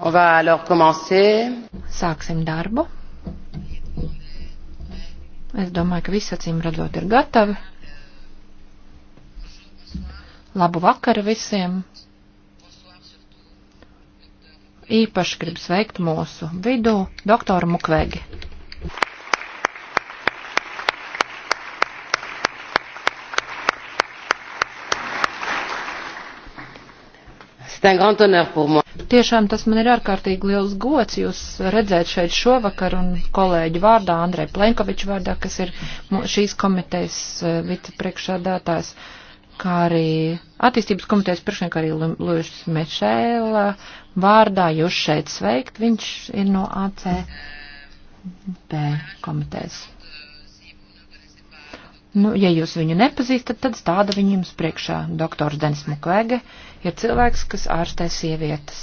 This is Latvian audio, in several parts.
On va alors commencer. Sāksim darbu. Es domāju, ka viss acīm redzot ir gatavi. Labu vakaru visiem. Īpaši gribu sveikt mūsu vidū doktoru Mukvegi. Tiešām tas man ir ārkārtīgi liels gods jūs redzēt šeit šovakar un kolēģi vārdā, Andrei Plenkoviču vārdā, kas ir šīs komitejas eh, vicepriekšādātājs, kā arī attīstības komitejas priekšnieks, arī Lūis Mečēla vārdā jūs šeit sveikt, viņš ir no ACP komitejas. Nu, ja jūs viņu nepazīstat, tad stāda viņu jums priekšā. Doktors Denis Mukwege ir cilvēks, kas ārstē sievietes.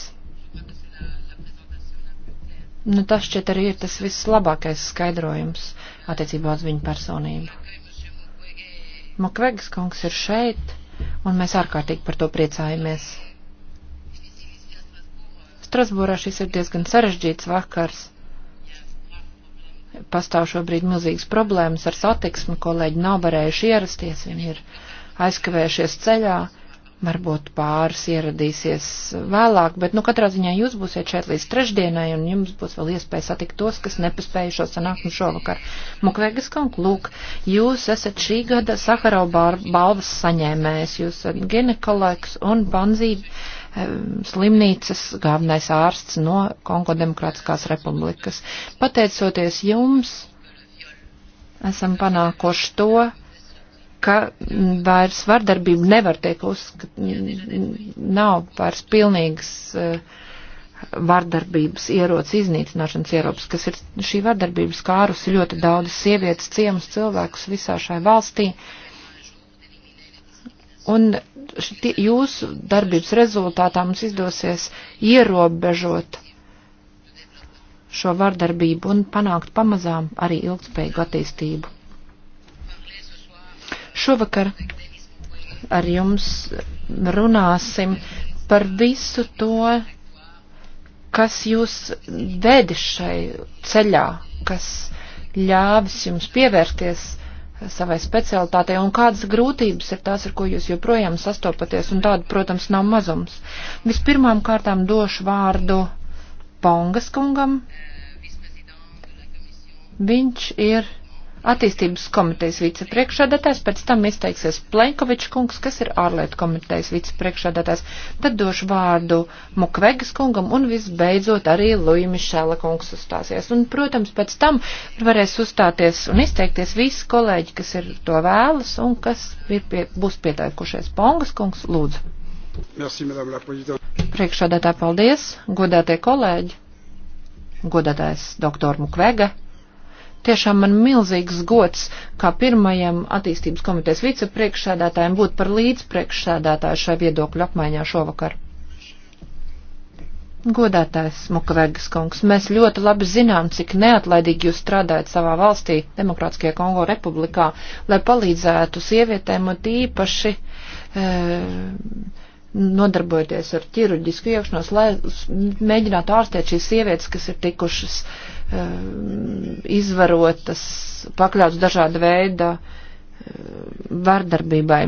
Nu, tas šķiet arī ir tas vislabākais skaidrojums attiecībā uz viņu personību. Mukvegas kungs ir šeit, un mēs ārkārtīgi par to priecājamies. Strasbūrā šis ir diezgan sarežģīts vakars pastāv šobrīd milzīgas problēmas ar satiksmi, kolēģi nav varējuši ierasties, viņi ir aizkavējušies ceļā, varbūt pāris ieradīsies vēlāk, bet, nu, katrā ziņā jūs būsiet šeit līdz trešdienai, un jums būs vēl iespēja satikt tos, kas nepaspēja šo sanāksmu šovakar. Mukvegas kungs, lūk, jūs esat šī gada Saharau balvas saņēmējs, jūs esat ginekologs un banzība slimnīcas galvenais ārsts no Kongo Demokrātiskās republikas. Pateicoties jums, esam panākoši to, ka vairs vardarbība nevar tiek uzskat, nav vairs pilnīgas e, vardarbības ierots iznīcināšanas ierops, kas ir šī vardarbības kārus ļoti daudz sievietes, ciemus cilvēkus visā šai valstī. Uh, Un šitie, jūsu darbības rezultātā mums izdosies ierobežot šo vardarbību un panākt pamazām arī ilgspējīgu attīstību. Šovakar ar jums runāsim par visu to, kas jūs vedis šai ceļā, kas ļāvis jums pievērsties savai specialitātei un kādas grūtības ir tās, ar ko jūs joprojām sastopaties, un tāda, protams, nav mazums. Vispirmām kārtām došu vārdu Pongas kungam. Viņš ir attīstības komitejas vicepriekšādātājs, pēc tam izteiksies Plenkovičs kungs, kas ir ārlietu komitejas vicepriekšādātājs, tad došu vārdu Mukvegas kungam un visbeidzot arī Luja Mišēla kungs uzstāsies. Un, protams, pēc tam varēs uzstāties un izteikties visi kolēģi, kas ir to vēlas un kas pie, būs pieteikušies. Pongas kungs, lūdzu. Merci, Priekšādātā paldies, godātie kolēģi, godātais doktor Mukvega Tiešām man milzīgs gods, kā pirmajam attīstības komitejas vicepriekšsēdētājiem, būt par līdzpriekšsēdētāju šai viedokļu apmaiņā šovakar. Godātājs Mukavegas kungs, mēs ļoti labi zinām, cik neatlaidīgi jūs strādājat savā valstī, Demokrātiskajā Kongo republikā, lai palīdzētu sievietēm un tīpaši. E, nodarbojoties ar ķirurģisku iekšanos, lai mēģinātu ārstēt šīs sievietes, kas ir tikušas uh, Um, izvarotas, pakļauts dažāda veida um, vardarbībai.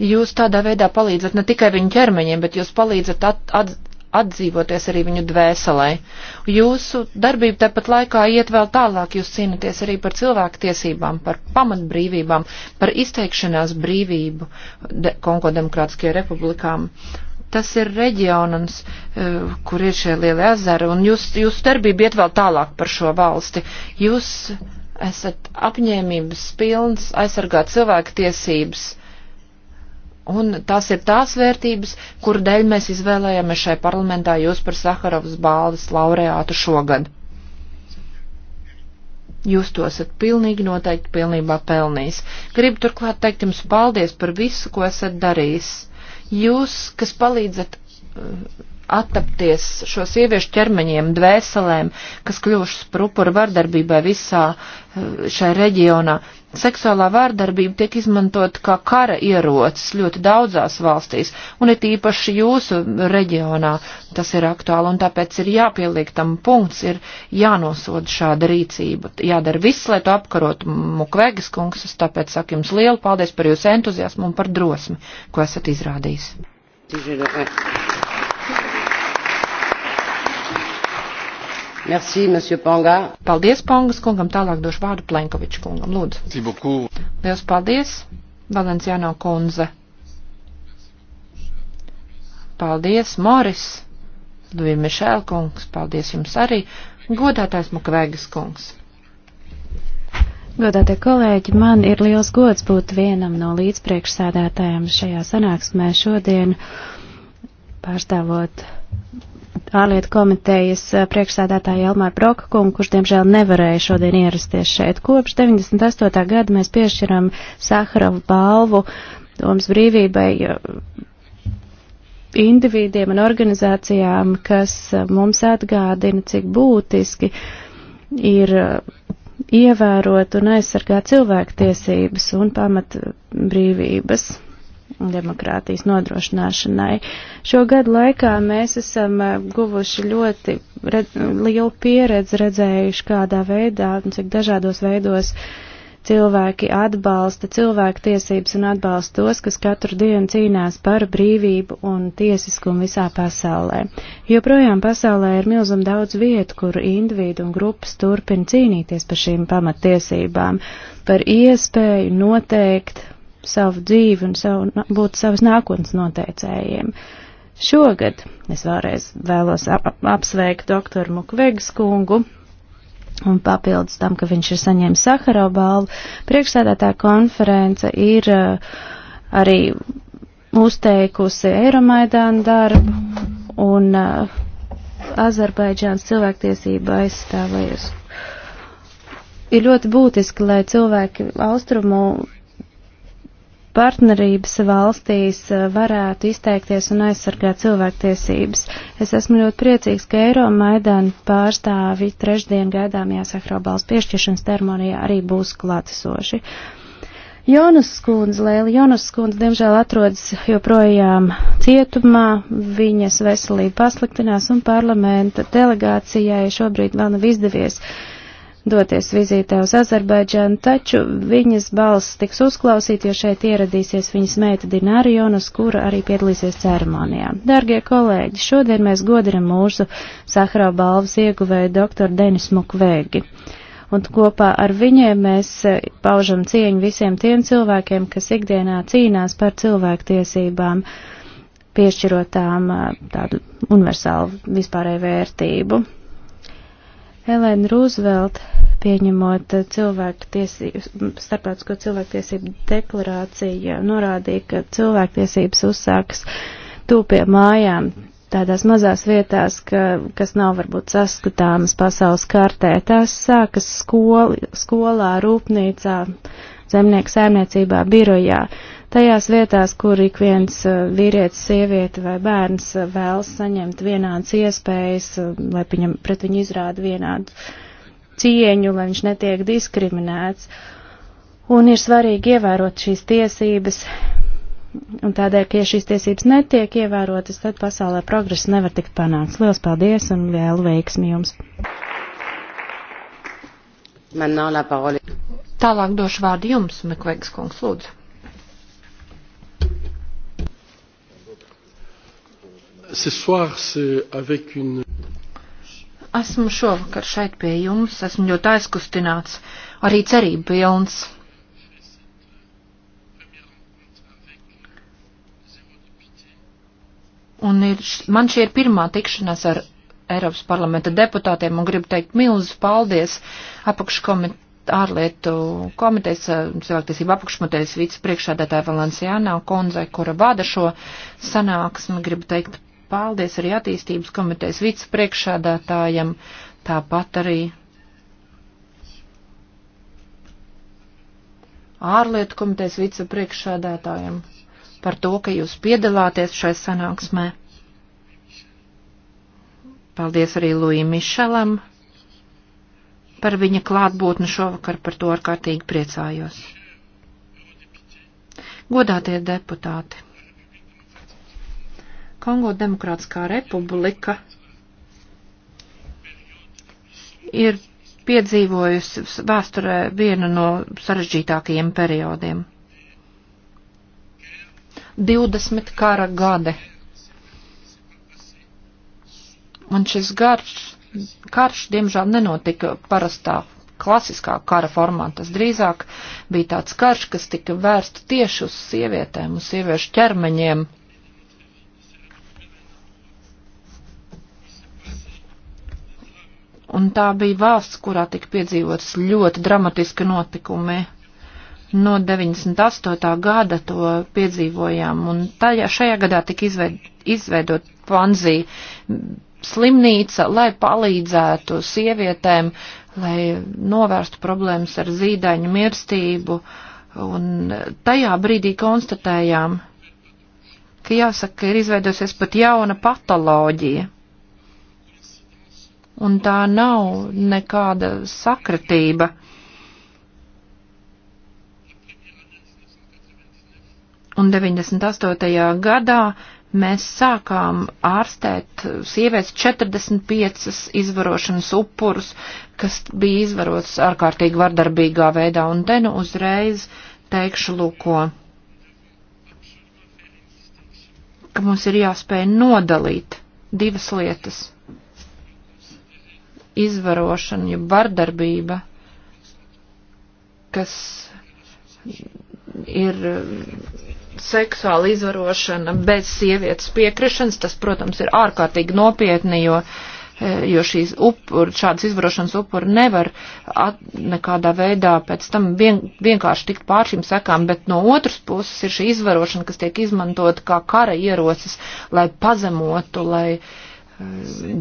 Jūs tādā veidā palīdzat ne tikai viņu ķermeņiem, bet jūs palīdzat at, at, atdzīvoties arī viņu dvēselē. Jūsu darbība tepat laikā iet vēl tālāk, jūs cīnaties arī par cilvēku tiesībām, par pamatbrīvībām, par izteikšanās brīvību de, Kongo Demokrātiskajā republikām tas ir reģionams, e, kur ir šie lielie ezeri, un jūs, jūs darbība iet vēl tālāk par šo valsti. Jūs esat apņēmības pilns aizsargāt cilvēku tiesības. Un tās ir tās vērtības, kur dēļ mēs izvēlējāmies šai parlamentā jūs par Saharovas balvas laureātu šogad. Jūs to esat pilnīgi noteikti pilnībā pelnījis. Gribu turklāt teikt jums paldies par visu, ko esat darījis Jūs, kas palīdzat attapties šo sieviešu ķermeņiem, dvēselēm, kas kļuvušas par upuru vardarbībai visā eh, šai reģionā. Seksuālā vārdarbība tiek izmantot kā kara ierocis ļoti daudzās valstīs, un it īpaši jūsu reģionā tas ir aktuāli, un tāpēc ir jāpieliek tam punkts, ir jānosod šāda rīcība. Jādara viss, lai to apkarot Mukvegas kungs, es tāpēc saku jums lielu paldies par jūsu entuziasmu un par drosmi, ko esat izrādījis. Tīžina. Eh. Merci, monsieur Panga. Paldies, Pangas kungam. Tālāk došu vārdu Plenkoviču kungam. Lūdzu. Liels paldies, Valenciāno kundze. Paldies, Moris. Lūdzu, Mišēl kungs. Paldies jums arī. Godātais Mukvegas kungs. Godātie kolēģi, man ir liels gods būt vienam no līdzpriekšsēdētājiem šajā sanāksmē šodien, pārstāvot ārlietu komitejas eh, priekšsēdētāju Elmāru Broka kungu, kurš diemžēl nevarēja šodien ierasties šeit. Kopš 98. gada mēs piešķiram Saharovu balvu domas brīvībai eh, individiem un organizācijām, kas eh, mums atgādina, cik būtiski ir ievērot un aizsargāt cilvēktiesības un pamat brīvības demokrātijas nodrošināšanai. Šo gadu laikā mēs esam eh, guvuši ļoti red, lielu pieredzi, redzējuši kādā veidā, cik dažādos veidos cilvēki atbalsta cilvēku tiesības un atbalsta tos, kas katru dienu cīnās par brīvību un tiesiskumu visā pasaulē. Joprojām pasaulē ir milzam daudz vietu, kur individu un grupas turpina cīnīties par šīm pamattiesībām, par iespēju noteikt savu dzīvi un savu, būt savas nākotnes noteicējiem. Šogad es vēlreiz vēlos ap, apsveikt doktoru Mukvegas kungu un papildus tam, ka viņš ir saņēmis Sakaro balvu. Priekšsēdētā konference ir arī uzteikusi Eiromaidānu darbu un Azerbaidžāns cilvēktiesība aizstāvējusi. Ir ļoti būtiski, lai cilvēki austrumu partnerības valstīs eh, varētu izteikties un aizsargāt cilvēktiesības. Es esmu ļoti priecīgs, ka Eiro Maidana pārstāvi trešdien gaidāmajā Sahrobals piešķiršanas ceremonijā arī būs klātesoši. Jonas Skundze, Lēla Jonas Skundze, diemžēl atrodas joprojām cietumā, viņas veselība pasliktinās un parlamenta delegācijai šobrīd vēl nav izdevies uh, doties vizītē uz Azerbaidžānu, taču viņas balss tiks uzklausīt, jo šeit ieradīsies viņas meita Dinārionas, kura arī piedalīsies ceremonijā. Dargie kolēģi, šodien mēs godinam mūsu Sahara balvas ieguvēju doktoru Denis Mukvēgi. Un kopā ar viņiem mēs eh, paužam cieņu visiem tiem cilvēkiem, kas ikdienā cīnās par cilvēktiesībām, piešķirot tām eh, tādu universālu vispārēju vērtību. Elēna Rūzvelt, pieņemot cilvēku tiesību, starptautisko cilvēktiesību deklarāciju, norādīja, ka cilvēktiesības uzsākas tūpie mājām, tādās mazās vietās, ka, kas nav varbūt saskatāmas pasaules kartē. Tās sākas skoli, skolā, rūpnīcā, zemnieku saimniecībā, birojā tajās vietās, kur ik viens eh, vīrietis, sieviete vai bērns eh, vēlas saņemt vienādas iespējas, eh, lai viņam, pret viņu izrāda vienādu cieņu, lai viņš netiek diskriminēts. Un ir svarīgi ievērot šīs tiesības, Un tādēļ, ka ja šīs tiesības netiek ievērotas, tad pasaulē progresa nevar tikt panāks. Lielas paldies un vēl veiksmi jums! Tālāk došu vārdu jums, Mekvegs kungs, lūdzu. Ce soir, avec une... Esmu šovakar šeit pie jums, esmu ļoti aizkustināts, arī cerība pilns. Un ir, man šī ir pirmā tikšanās ar Eiropas parlamenta deputātiem un gribu teikt milzu paldies apakškomiteju ārlietu komitejas, eh, cilvēktiesība apakšmutējas vicepriekšādātāja Valenciānā kundzei, kura vada šo sanāksmi, gribu teikt Paldies arī attīstības komitejas vicepriekšādātājam, tāpat arī ārlietu komitejas vicepriekšādātājam par to, ka jūs piedalāties šai sanāksmē. Paldies arī Lūija Mišelam par viņa klātbūtni šovakar, par to ārkārtīgi priecājos. Godātie deputāti! Kongo Demokrātiskā republika ir piedzīvojusi vēsturē vienu no sarežģītākajiem periodiem. 20 kara gadi. Un šis garš, karš, diemžēl, nenotika parastā klasiskā kara formā. Tas drīzāk bija tāds karš, kas tika vērsts tieši uz sievietēm, uz sieviešu ķermeņiem un tā bija valsts, kurā tika piedzīvotas ļoti dramatiski notikumi. No 98. gada to piedzīvojām, un tajā, šajā gadā tika izveid, izveidot Panzī slimnīca, lai palīdzētu sievietēm, lai novērstu problēmas ar zīdaiņu mirstību, un tajā brīdī konstatējām, ka jāsaka, ka ir izveidojusies pat jauna patoloģija un tā nav nekāda sakritība. Un 98. gadā mēs sākām ārstēt sievietes 45 izvarošanas upurus, kas bija izvarots ārkārtīgi vardarbīgā veidā, un te nu uzreiz teikšu lūko, ka mums ir jāspēj nodalīt divas lietas izvarošana, jeb vardarbība, kas ir eh, seksuāla izvarošana bez sievietes piekrišanas, tas, protams, ir ārkārtīgi nopietni, jo, eh, jo šīs upuri, šādas izvarošanas upuri nevar at, nekādā veidā pēc tam vien, vienkārši tikt pār šīm sekām, bet no otras puses ir šī izvarošana, kas tiek izmantota kā kara ierocis, lai pazemotu, lai uh,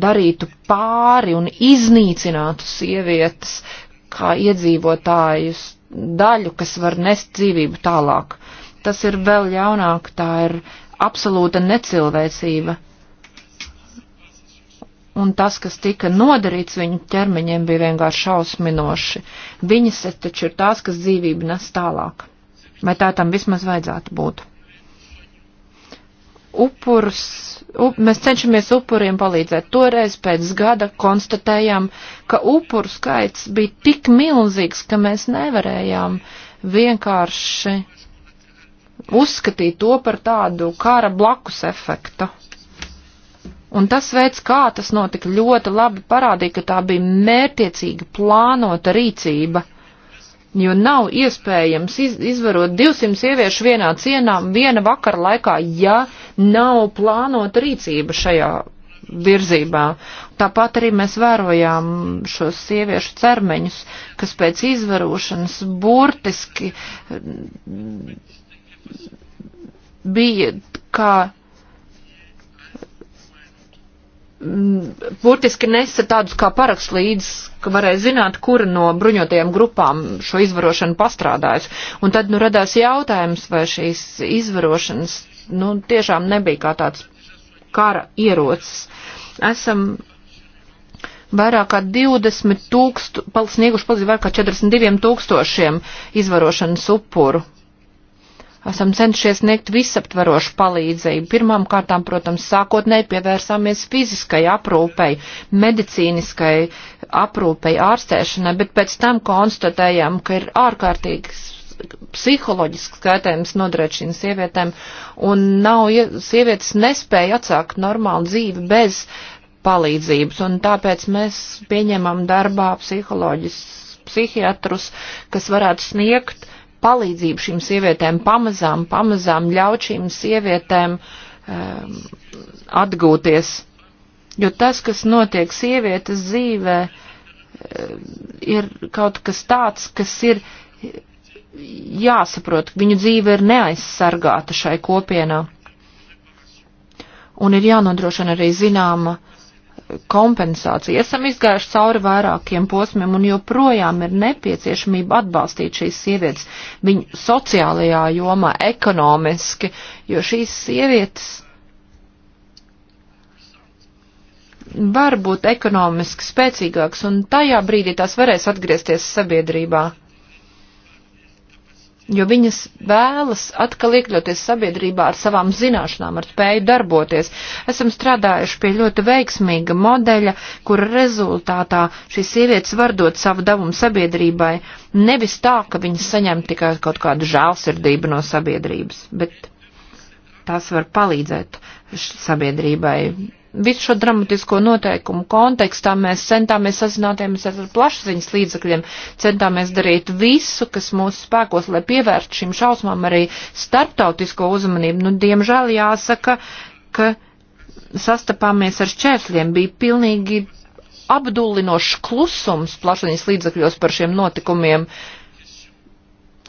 darītu pāri un iznīcinātu sievietes kā iedzīvotājus daļu, kas var nest dzīvību tālāk. Tas ir vēl jaunāk, tā ir absolūta necilvēcība. Un tas, kas tika nodarīts viņu ķermeņiem, bija vienkārši šausminoši. Viņas taču ir tās, kas dzīvību nes tālāk. Vai tā tam vismaz vajadzētu būt? upurs, up, mēs cenšamies upuriem palīdzēt. Toreiz pēc gada konstatējām, ka upuru skaits bija tik milzīgs, ka mēs nevarējām vienkārši uzskatīt to par tādu kara blakus efektu. Un tas veids, kā tas notika, ļoti labi parādīja, ka tā bija mērtiecīga plānota rīcība jo nav iespējams iz, izvarot 200 sieviešu vienā cienā viena vakara laikā, ja nav plānota rīcība šajā virzībā. Tāpat arī mēs vērojām šos sieviešu cermeņus, kas pēc izvarošanas burtiski mm, bija kā Mm, burtiski nesa tādus kā paraksts līdz, ka varēja zināt, kura no bruņotajām grupām šo izvarošanu pastrādājas. Un tad, nu, radās jautājums, vai šīs izvarošanas, nu, tiešām nebija kā tāds kara ierocis. Esam vairāk kā 20 tūkstu, snieguši palīdzību vairāk kā 42 tūkstošiem izvarošanas upuru esam cenšies sniegt visaptvarošu palīdzību. Pirmām kārtām, protams, sākotnēji pievērsāmies fiziskai aprūpei, medicīniskai aprūpei, ārstēšanai, bet pēc tam konstatējām, ka ir ārkārtīgs psiholoģisks kaitējums nodarīt šīm sievietēm, un nav, sievietes nespēja atsākt normālu dzīvi bez palīdzības, un tāpēc mēs pieņemam darbā psiholoģiskus psihiatrus, kas varētu sniegt uh, palīdzību šīm sievietēm pamazām, pamazām ļaut šīm sievietēm um, atgūties. Jo tas, kas notiek sievietes dzīvē, ehm, ir kaut kas tāds, kas ir jāsaprot, ka viņu dzīve ir neaizsargāta šai kopienā. Un ir jānodrošina arī zināma uh, kompensācija. Esam izgājuši cauri vairākiem posmiem un joprojām ir nepieciešamība atbalstīt šīs sievietes viņu sociālajā jomā, ekonomiski, jo šīs sievietes var būt ekonomiski spēcīgāks un tajā brīdī tās varēs atgriezties sabiedrībā jo viņas vēlas atkal iekļauties sabiedrībā ar savām zināšanām, ar spēju darboties. Esam strādājuši pie ļoti veiksmīga modeļa, kura rezultātā šīs sievietes var dot savu devumu sabiedrībai, nevis tā, ka viņas saņem tikai kaut kādu žēlsirdību no sabiedrības, bet tās var palīdzēt sabiedrībai visu šo dramatisko noteikumu kontekstā mēs centāmies sazināties ar plašsaziņas līdzakļiem, centāmies darīt visu, kas mūsu spēkos, lai pievērst šīm šausmām arī starptautisko uzmanību. Nu, diemžēl jāsaka, ka sastapāmies ar šķēršļiem, bija pilnīgi apdullinošs klusums plašsaziņas līdzakļos par šiem notikumiem.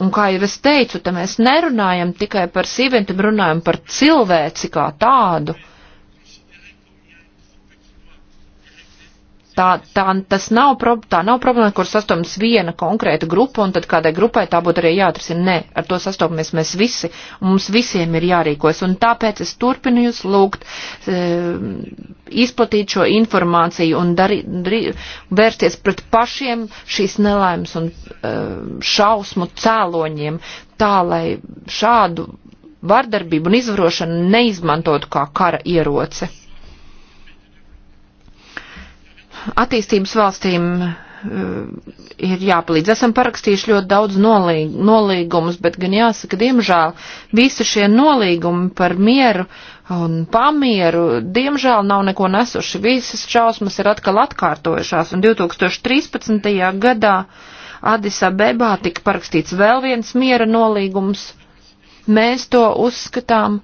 Un kā jau es teicu, te mēs nerunājam tikai par sīventiem, runājam par cilvēci kā tādu. Tā, tā, tas nav, tā nav problēma, kur sastopas viena konkrēta grupa, un tad kādai grupai tā būtu arī jāatrisina. Nē, ar to sastopamies mēs visi, un mums visiem ir jārīkojas. Un tāpēc es turpinu jūs lūgt e, izplatīt šo informāciju un dari, dari, vērsties pret pašiem šīs nelaimes un e, šausmu cēloņiem, tā lai šādu vardarbību un izvarošanu neizmantotu kā kara ieroci attīstības valstīm eh, ir jāpalīdz. Esam parakstījuši ļoti daudz nolīg, nolīgumus, bet gan jāsaka, diemžēl visi šie nolīgumi par mieru un pamieru, diemžēl nav neko nesuši. Visas šausmas ir atkal atkārtojušās, un 2013. gadā Adisa Bebā tika parakstīts vēl viens miera nolīgums. Mēs to uzskatām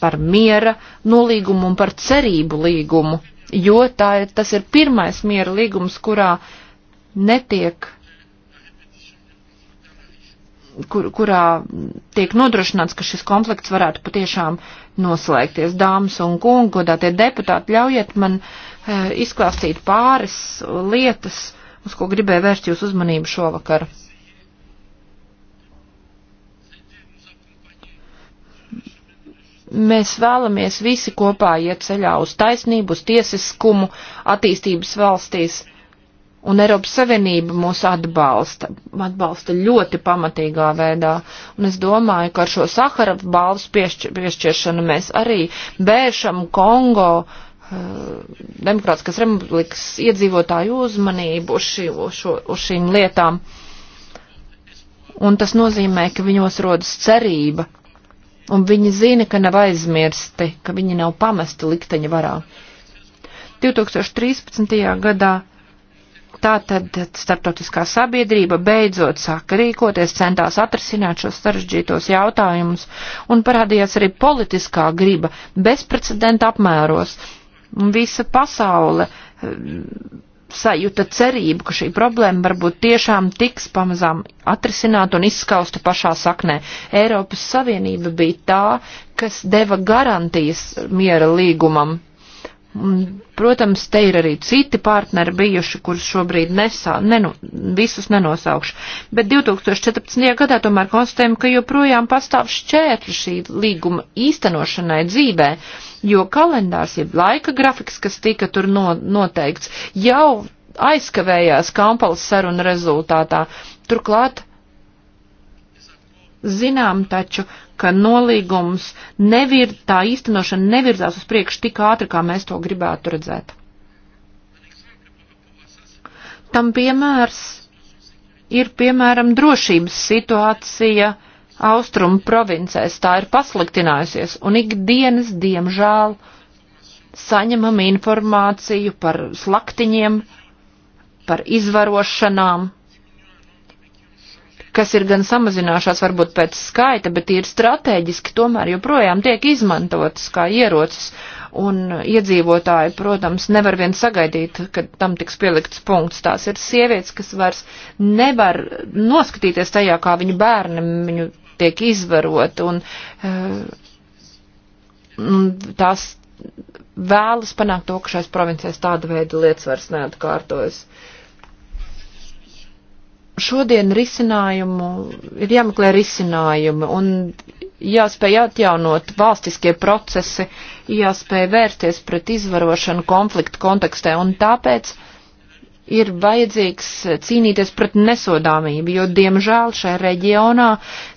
par miera nolīgumu un par cerību līgumu jo tā, tas ir pirmais miera līgums, kurā netiek, kur, kurā tiek nodrošināts, ka šis konflikts varētu patiešām noslēgties. Dāmas un kungi, godātie deputāti, ļaujiet man e, izklāstīt pāris lietas, uz ko gribēju vērst jūs uzmanību šovakar. Mēs vēlamies visi kopā iet ceļā uz taisnību, uz tiesiskumu attīstības valstīs, un Eiropas Savienība mūs atbalsta, atbalsta ļoti pamatīgā veidā, un es domāju, ka ar šo Sahara balvas piešķir, piešķiršanu mēs arī vēršam Kongo uh, eh, Demokrātiskas republikas iedzīvotāju uzmanību uz, šī, uz, šo, uz šīm lietām. Un tas nozīmē, ka viņos rodas cerība un viņi zina, ka nav aizmirsti, ka viņi nav pamesti likteņa varā. 2013. gadā tātad starptautiskā sabiedrība beidzot sāka rīkoties, centās atrisināt šos sarežģītos jautājumus, un parādījās arī politiskā griba bezprecedenta apmēros. Un visa pasaule sajūta cerību, ka šī problēma varbūt tiešām tiks pamazām atrisināta un izskausta pašā saknē. Eiropas Savienība bija tā, kas deva garantijas miera līgumam Protams, te ir arī citi partneri bijuši, kurus šobrīd nesā, nenu, visus nenosaukšu, bet 2014. gadā tomēr konstatējam, ka joprojām pastāv šķēršļi šī līguma īstenošanai dzīvē, jo kalendārs, jeb laika grafiks, kas tika tur no, noteikts, jau aizkavējās Kampalas saruna rezultātā. Turklāt zinām taču, ka nolīgums nevir, tā īstenošana nevirzās uz priekšu tik ātri, kā mēs to gribētu redzēt. Tam piemērs ir, piemēram, drošības situācija austrumu provincēs. Tā ir pasliktinājusies, un ikdienas, diemžēl, saņemam informāciju par slaktiņiem, par izvarošanām kas ir gan samazinājušās varbūt pēc skaita, bet ir strateģiski tomēr joprojām tiek izmantotas kā ierocis. Un iedzīvotāji, protams, nevar vien sagaidīt, ka tam tiks pielikts punkts. Tās ir sievietes, kas vairs nevar noskatīties tajā, kā viņu bērni viņu tiek izvarot. Un, eh, un tās vēlas panākt to, ka šais provincijās tāda veida lietas vairs neatkārtojas. Uh, šodien risinājumu, ir jāmeklē risinājumi un jāspēj atjaunot valstiskie procesi, jāspēj vērsties pret izvarošanu konfliktu kontekstē un tāpēc ir vajadzīgs cīnīties pret nesodāmību, jo diemžēl šajā reģionā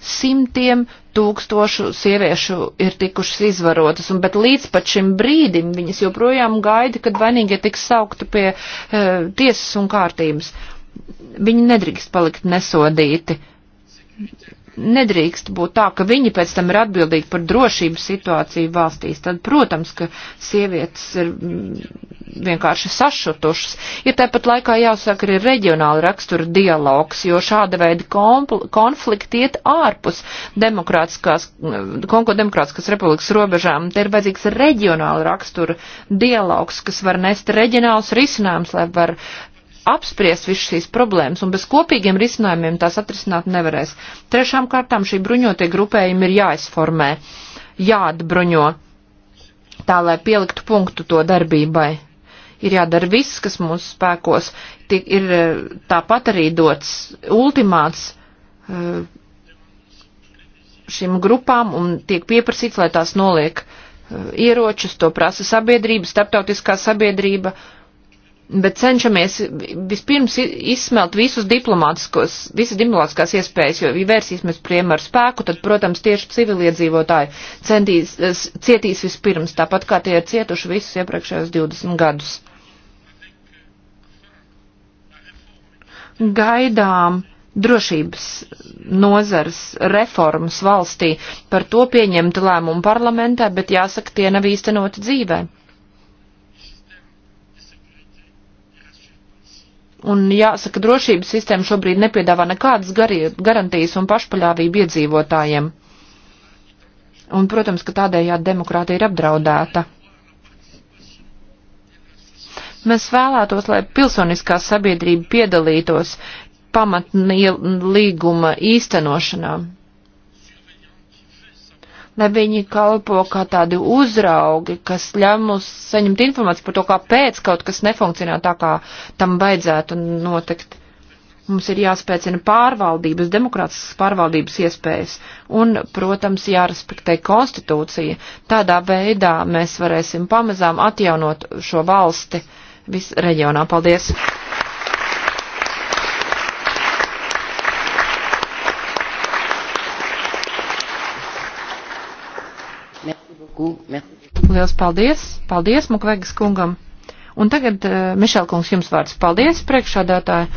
simtiem tūkstošu sieviešu ir tikušas izvarotas, un bet līdz pat šim brīdim viņas joprojām gaida, kad vainīgie tiks saukti pie e, tiesas un kārtības. Viņi nedrīkst palikt nesodīti. Nedrīkst būt tā, ka viņi pēc tam ir atbildīgi par drošības situāciju valstīs. Tad, protams, ka sievietes ir mm, vienkārši sašutušas. Ir tāpat laikā jāsaka arī reģionāla rakstura dialogs, jo šāda veida konflikti iet ārpus demokrātiskās, mm, Kongo demokrātiskās republikas robežām. Te ir vajadzīgs reģionāla rakstura dialogs, kas var nest reģionāls risinājums, lai var apspriest visu šīs problēmas, un bez kopīgiem risinājumiem tās atrisināt nevarēs. Trešām kārtām šī bruņotie grupējumi ir jāizformē, jāatbruņo, tā lai pieliktu punktu to darbībai. Ir jādara viss, kas mūsu spēkos, Tik, ir eh, tāpat arī dots ultimāts eh, šīm grupām un tiek pieprasīts, lai tās noliek eh, ieročus, to prasa sabiedrība, starptautiskā sabiedrība. Uh, bet cenšamies vispirms izsmelt visus diplomātiskos, visas diplomātiskās iespējas, jo, ja vērsīsimies priem ar spēku, tad, protams, tieši civiliedzīvotāji centīs, cietīs vispirms, tāpat kā tie ir cietuši visus iepriekšējos 20 gadus. Gaidām drošības nozars reformas valstī, par to pieņemta lēmuma parlamentā, bet jāsaka, tie nav īstenoti dzīvē. Un jāsaka, drošības sistēma šobrīd nepiedāvā nekādas garantijas un pašpaļāvību iedzīvotājiem. Un, protams, ka tādējādi demokrātija ir apdraudēta. Mēs vēlētos, lai pilsoniskā sabiedrība piedalītos pamatnīguma īstenošanā lai viņi kalpo kā tādi uzraugi, kas ļauj mums saņemt informāciju par to, kāpēc kaut kas nefunkcionē tā, kā tam vajadzētu notikt. Mums ir jāspēcina pārvaldības, demokrātiskas pārvaldības iespējas un, protams, jārespektē konstitūcija. Tādā veidā mēs varēsim pamazām atjaunot šo valsti visreģionā. Paldies! Liels paldies! Paldies Mukvegas kungam! Un tagad, eh, Mišel kungs, jums vārds paldies priekšādātāji,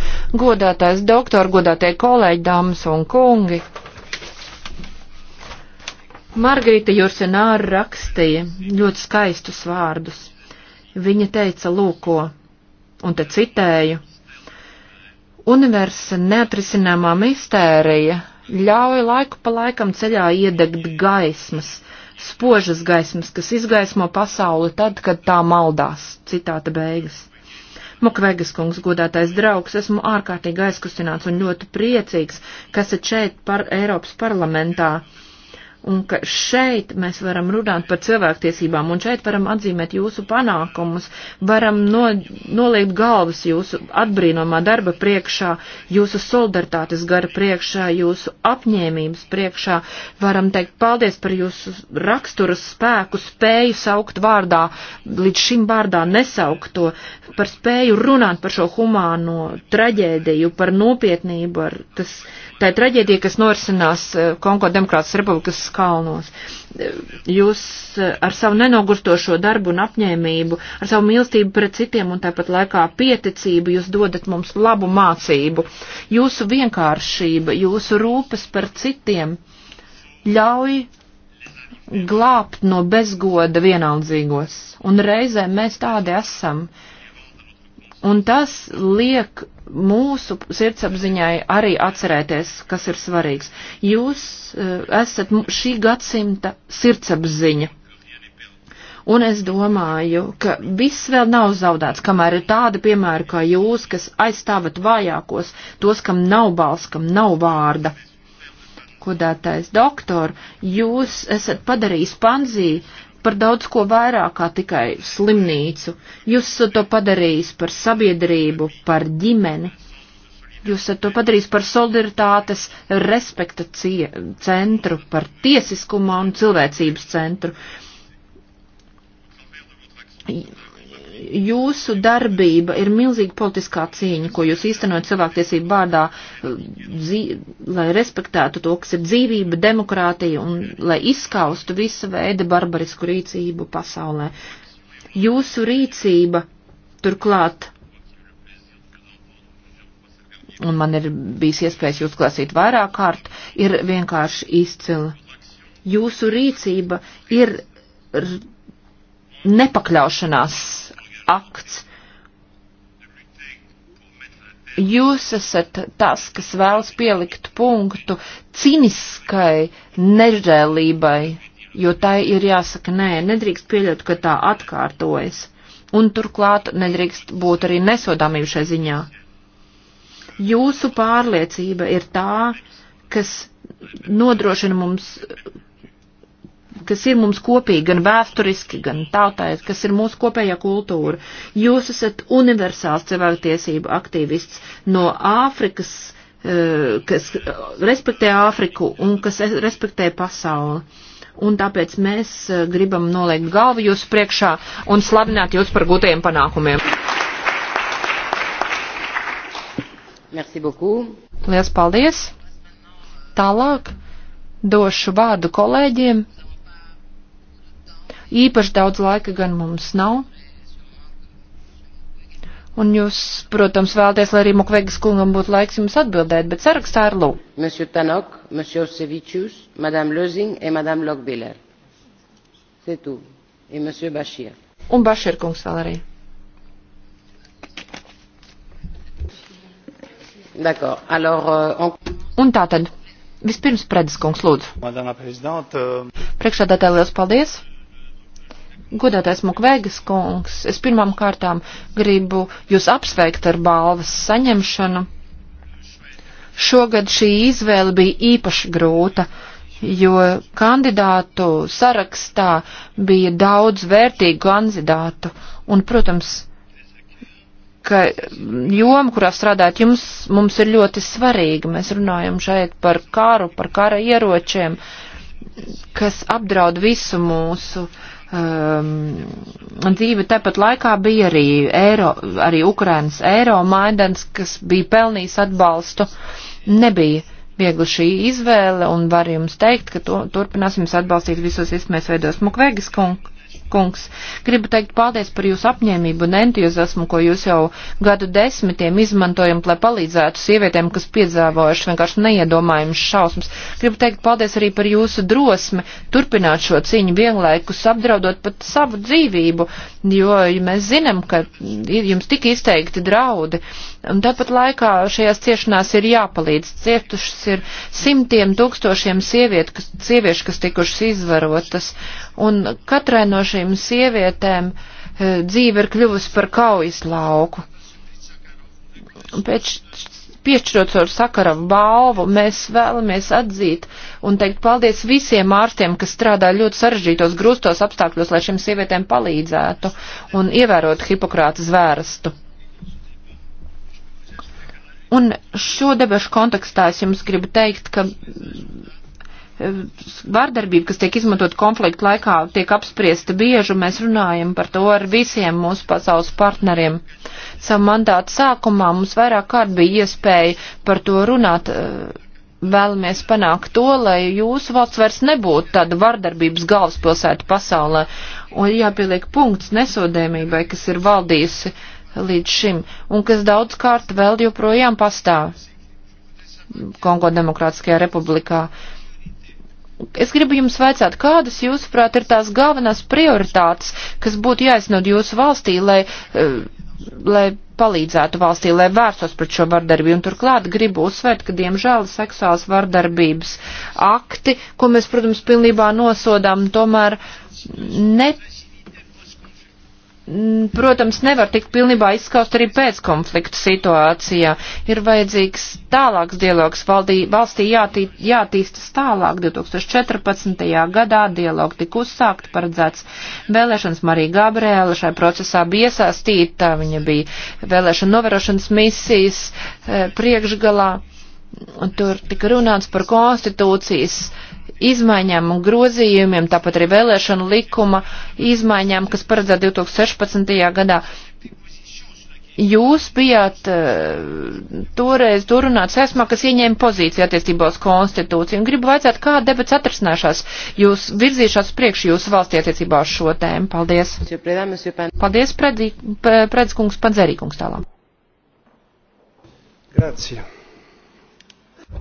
godātais doktori, godātie kolēģi, dāmas un kungi. Margarita Jursenāra rakstīja ļoti skaistus vārdus. Viņa teica lūko, un te citēju, universa neatrisināmā mistērija ļauj laiku pa laikam ceļā iedegt gaismas spožas gaismas, kas izgaismo pasauli tad, kad tā maldās. Citāta beigas. Mukvegas kungs, godātais draugs, esmu ārkārtīgi aizkustināts un ļoti priecīgs, ka esat šeit par Eiropas parlamentā un ka šeit mēs varam runāt par cilvēktiesībām, un šeit varam atzīmēt jūsu panākumus, varam no, noliekt galvas jūsu atbrīnomā darba priekšā, jūsu solidaritātes gara priekšā, jūsu apņēmības priekšā, varam teikt paldies par jūsu raksturas spēku, spēju saukt vārdā, līdz šim vārdā nesaukto, par spēju runāt par šo humāno traģēdiju, par nopietnību, ar tas tā ir traģēdija, kas norisinās eh, Kongo Demokrātas Republikas kalnos. Eh, jūs eh, ar savu nenogurstošo darbu un apņēmību, ar savu mīlestību pret citiem un tāpat laikā pieticību jūs dodat mums labu mācību. Jūsu vienkāršība, jūsu rūpes par citiem ļauj glābt no bezgoda vienaldzīgos. Un reizē mēs tādi esam. Un tas liek mūsu sirdsapziņai arī atcerēties, kas ir svarīgs. Jūs eh, esat šī gadsimta sirdsapziņa. Un es domāju, ka viss vēl nav zaudēts, kamēr ir tādi piemēri kā jūs, kas aizstāvat vājākos, tos, kam nav balss, kam nav vārda. Kodētais doktor, jūs esat padarījis panzī par daudz ko vairāk kā tikai slimnīcu. Jūs esat to padarījis par sabiedrību, par ģimeni. Jūs esat to padarījis par solidaritātes respekta centru, par tiesiskuma un cilvēcības centru. J jūsu darbība ir milzīga politiskā cīņa, ko jūs īstenojat cilvēktiesību vārdā, lai respektētu to, kas ir dzīvība, demokrātija un lai izskaustu visu veidu barbarisku rīcību pasaulē. Jūsu rīcība turklāt un man ir bijis iespējas jūs klasīt vairāk kārt, ir vienkārši izcila. Jūsu rīcība ir nepakļaušanās akts. Jūs esat tas, kas vēlas pielikt punktu ciniskai nežēlībai, jo tai ir jāsaka nē, nedrīkst pieļaut, ka tā atkārtojas. Un turklāt nedrīkst būt arī nesodāmība šai ziņā. Jūsu pārliecība ir tā, kas nodrošina mums kas ir mums kopīgi, gan vēsturiski, gan tautais, kas ir mūsu kopējā kultūra. Jūs esat universāls cilvēktiesību aktīvists no Āfrikas, eh, kas respektē Āfriku un kas respektē pasauli un tāpēc mēs eh, gribam noliekt galvu jūsu priekšā un slavināt jūs par gūtajiem panākumiem. Merci beaucoup. Lielas paldies! Tālāk došu vārdu kolēģiem Īpaši daudz laika gan mums nav. Un jūs, protams, vēlaties, lai arī Mukvegas kungam būtu laiks jums atbildēt, bet sarakstā ir lūk. Monsieur Tanok, Monsieur Sevičius, Madame Lozing et Madame Lokbiller. C'est tout. Et Monsieur Bashir. Un Bashir kungs vēl arī. D'accord. Alors, euh, on... Un tātad, vispirms Predis kungs lūdzu. Madame la Présidente. Euh... Priekšādātāji, liels paldies. Godātais Mukvēgas kungs, es pirmām kārtām gribu jūs apsveikt ar balvas saņemšanu. Šogad šī izvēle bija īpaši grūta, jo kandidātu sarakstā bija daudz vērtīgu kandidātu, un, protams, ka joma, kurā strādāt jums, mums ir ļoti svarīga. Mēs runājam šeit par karu, par kara ieročiem, kas apdraud visu mūsu uh, um, dzīve tepat laikā bija arī, Eiro, arī Ukrainas Eiro Maidans, kas bija pelnījis atbalstu. Nebija viegli šī izvēle un var jums teikt, ka to, turpināsim jūs atbalstīt visos iespējas veidos. Mukvegas kungs kungs. Gribu teikt paldies par jūsu apņēmību un entuziasmu, ko jūs jau gadu desmitiem izmantojam, lai palīdzētu sievietēm, kas piedzāvojuši vienkārši neiedomājums šausmas. Gribu teikt paldies arī par jūsu drosmi turpināt šo cīņu vienlaikus, apdraudot pat savu dzīvību, jo mēs zinām, ka jums tik izteikti draudi. Un tāpat laikā šajās ciešanās ir jāpalīdz. Cietušas ir simtiem tūkstošiem sieviet, kas, sieviešu, kas tikušas izvarotas. Un katrai no šīm sievietēm eh, dzīve ir kļuvusi par kaujas lauku. Pēc piešķirot savu sakaram balvu, mēs vēlamies atzīt un teikt paldies visiem ārstiem, kas strādā ļoti sarežģītos, grūstos apstākļos, lai šiem sievietēm palīdzētu un ievērotu Hipokrāta zvērstu. Un šo debašu kontekstā es jums gribu teikt, ka vārdarbība, kas tiek izmantot konfliktu laikā, tiek apspriesta bieži, un mēs runājam par to ar visiem mūsu pasaules partneriem. Savu mandātu sākumā mums vairāk kārt bija iespēja par to runāt. Eh, vēlamies panākt to, lai jūsu valsts vairs nebūtu tāda vardarbības galvaspilsēta pasaulē, un jāpieliek punkts nesodēmībai, kas ir valdījusi līdz šim, un kas daudzkārt vēl joprojām pastāv Kongo Demokrātiskajā republikā. Uh, Es gribu jums vaicāt, kādas, jūsuprāt, ir tās galvenās prioritātes, kas būtu jāiznod jūsu valstī, lai, eh, lai palīdzētu valstī, lai vērsos pret šo vardarbību. Un turklāt gribu uzsvērt, ka, diemžēl, seksuāls vardarbības akti, ko mēs, protams, pilnībā nosodām, tomēr net Mm, protams, nevar tikt pilnībā izskaust arī pēc konflikta situācijā. Ir vajadzīgs tālāks dialogs valdī, valstī jātī, jātīstas tālāk. 2014. gadā dialogu tika uzsākt paredzēts vēlēšanas Marija Gabriela. Šai procesā bija iesaistīta, viņa bija vēlēšana novērošanas misijas eh, priekšgalā. Tur tika runāts par konstitūcijas uh, izmaiņām un grozījumiem, tāpat arī vēlēšanu likuma izmaiņām, kas paredzēta 2016. gadā. Jūs bijāt eh, toreiz turunāts esmā, kas ieņēma pozīciju attiecībā uz konstitūciju. Un gribu vajadzēt, kā debats atrisināšās, jūs virzīšās priekš jūsu valstī attiecībā uz šo tēmu. Paldies. Paldies, predzi, predz kungs, pandzerīkungs tālāk. Grazie.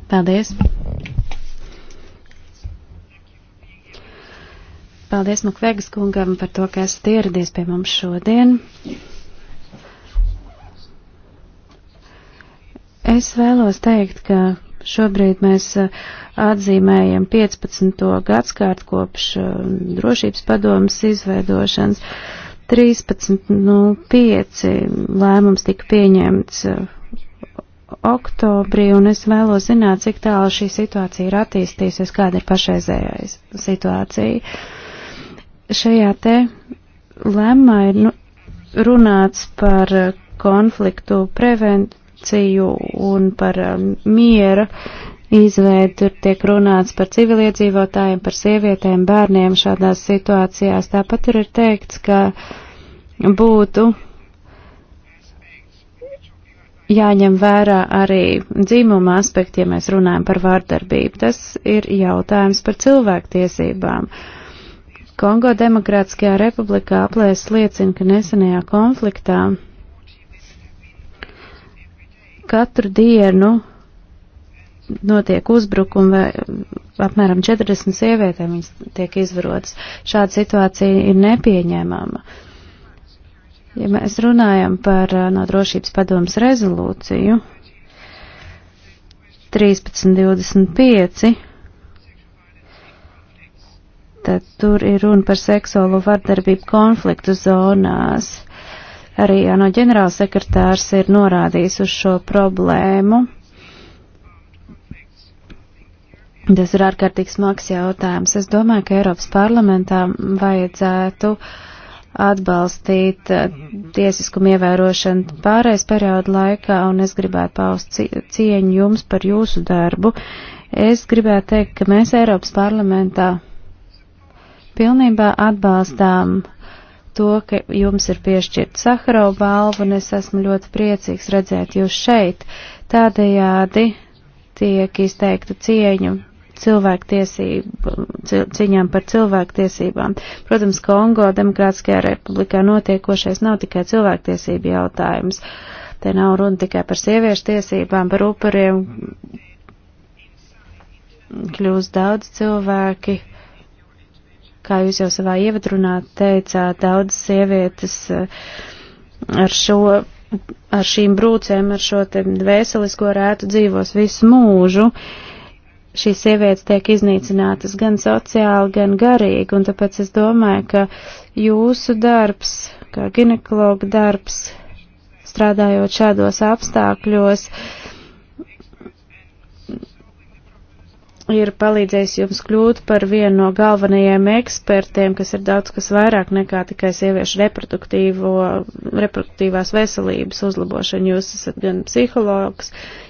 Paldies. Paldies Mukvegas kungam par to, ka esat ieradies pie mums šodien. Es vēlos teikt, ka šobrīd mēs uh, atzīmējam 15. gadskārt kopš uh, drošības padomas izveidošanas. 13.05 nu, lēmums tika pieņemts uh, oktobrī, un es vēlos zināt, cik tālu šī situācija ir attīstījusies, kāda ir pašreizējais situācija. Uh, šajā te lēmā ir nu, runāts par eh, konfliktu prevenciju un par eh, miera izveidu. Tur tiek runāts par civiliedzīvotājiem, par sievietēm, bērniem šādās situācijās. Tāpat tur ir teikts, ka būtu jāņem vērā arī dzimuma aspekti, ja mēs runājam par vārdarbību. Tas ir jautājums par cilvēktiesībām. Uh, Kongo Demokrātiskajā republikā aplēs liecina, ka nesenajā konfliktā katru dienu notiek uzbrukumi vai apmēram 40 sievietēm viņas tiek izvarotas. Šāda situācija ir nepieņēmama. Ja mēs runājam par no drošības padomas rezolūciju 1325, Tātad tur ir runa par seksuālo vardarbību konfliktu zonās. Arī ANO ģenerālsekretārs ir norādījis uz šo problēmu. Tas ir ārkārtīgi smags jautājums. Es domāju, ka Eiropas parlamentā vajadzētu atbalstīt eh, tiesiskumu ievērošanu pārējais periodu laikā, un es gribētu paust cieņu jums par jūsu darbu. Es gribētu teikt, ka mēs Eiropas parlamentā Pilnībā atbalstām to, ka jums ir piešķirta Saharau balva, un es esmu ļoti priecīgs redzēt jūs šeit. Tādējādi tiek izteikta cieņu cilvēktiesību, ciņām par cilvēktiesībām. Protams, Kongo Demokrātiskajā republikā notiekošais nav tikai cilvēktiesību jautājums. Te nav runa tikai par sieviešu tiesībām, par upuriem kļūst daudz cilvēki Kā jūs jau savā ievadrunā teicāt, daudz sievietes eh, ar šo, ar šīm brūcēm, ar šo te veselisko rētu dzīvos visu mūžu. Šīs sievietes tiek iznīcinātas gan sociāli, gan garīgi, un tāpēc es domāju, ka jūsu darbs, kā ginekologa darbs, strādājot šādos apstākļos, uh, ir palīdzējis jums kļūt par vienu no galvenajiem ekspertiem, kas ir daudz kas vairāk nekā tikai sieviešu reproduktīvās veselības uzlabošana. Jūs esat gan psihologs,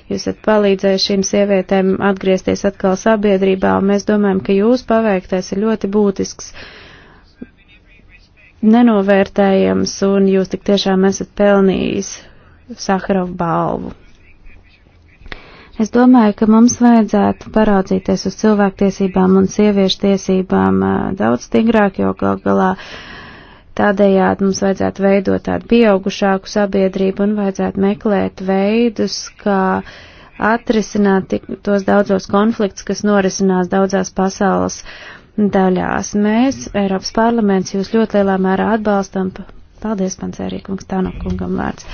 jūs esat palīdzējis šīm sievietēm atgriezties atkal sabiedrībā, un mēs domājam, ka jūs paveiktais ir ļoti būtisks, nenovērtējams, un jūs tik tiešām esat pelnījis Saharov balvu. Es domāju, ka mums vajadzētu paraudzīties uz cilvēktiesībām un sieviešu tiesībām daudz stingrāk, jo gal galā tādējādi mums vajadzētu veidot tādu pieaugušāku sabiedrību un vajadzētu meklēt veidus, kā atrisināt tos daudzos konflikts, kas norisinās daudzās pasaules daļās. Mēs, Eiropas parlaments, jūs ļoti lielā mērā atbalstam. Paldies, Pancērīkungs, Tanokungam vārds.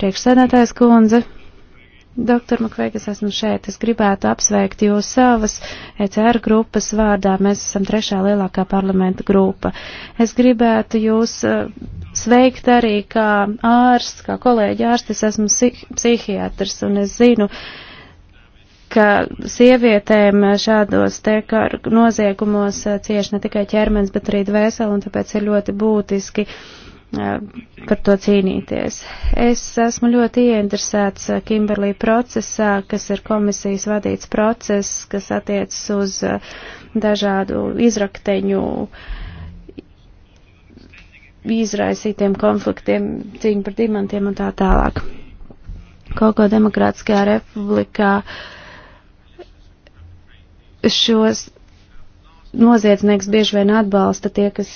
Priekšsēdētājs kundze. Doktor Makveik, es esmu šeit. Es gribētu apsveikt jūs savas ECR grupas vārdā. Mēs esam trešā lielākā parlamenta grupa. Es gribētu jūs e, sveikt arī kā ārsts, kā kolēģi ārsts. Es esmu psihiatrs un es zinu, ka sievietēm šādos te noziegumos e, cieš ne tikai ķermenis, bet arī dvēseli, un tāpēc ir ļoti būtiski uh, Eh, par to cīnīties. Es esmu ļoti ieinteresēts eh, Kimberlī procesā, kas ir komisijas vadīts process, kas attiecas uz eh, dažādu izrakteņu izraisītiem konfliktiem, cīņu par dimantiem un tā tālāk. Kongo Demokrātiskajā republikā šos noziedznieks bieži vien atbalsta tie, kas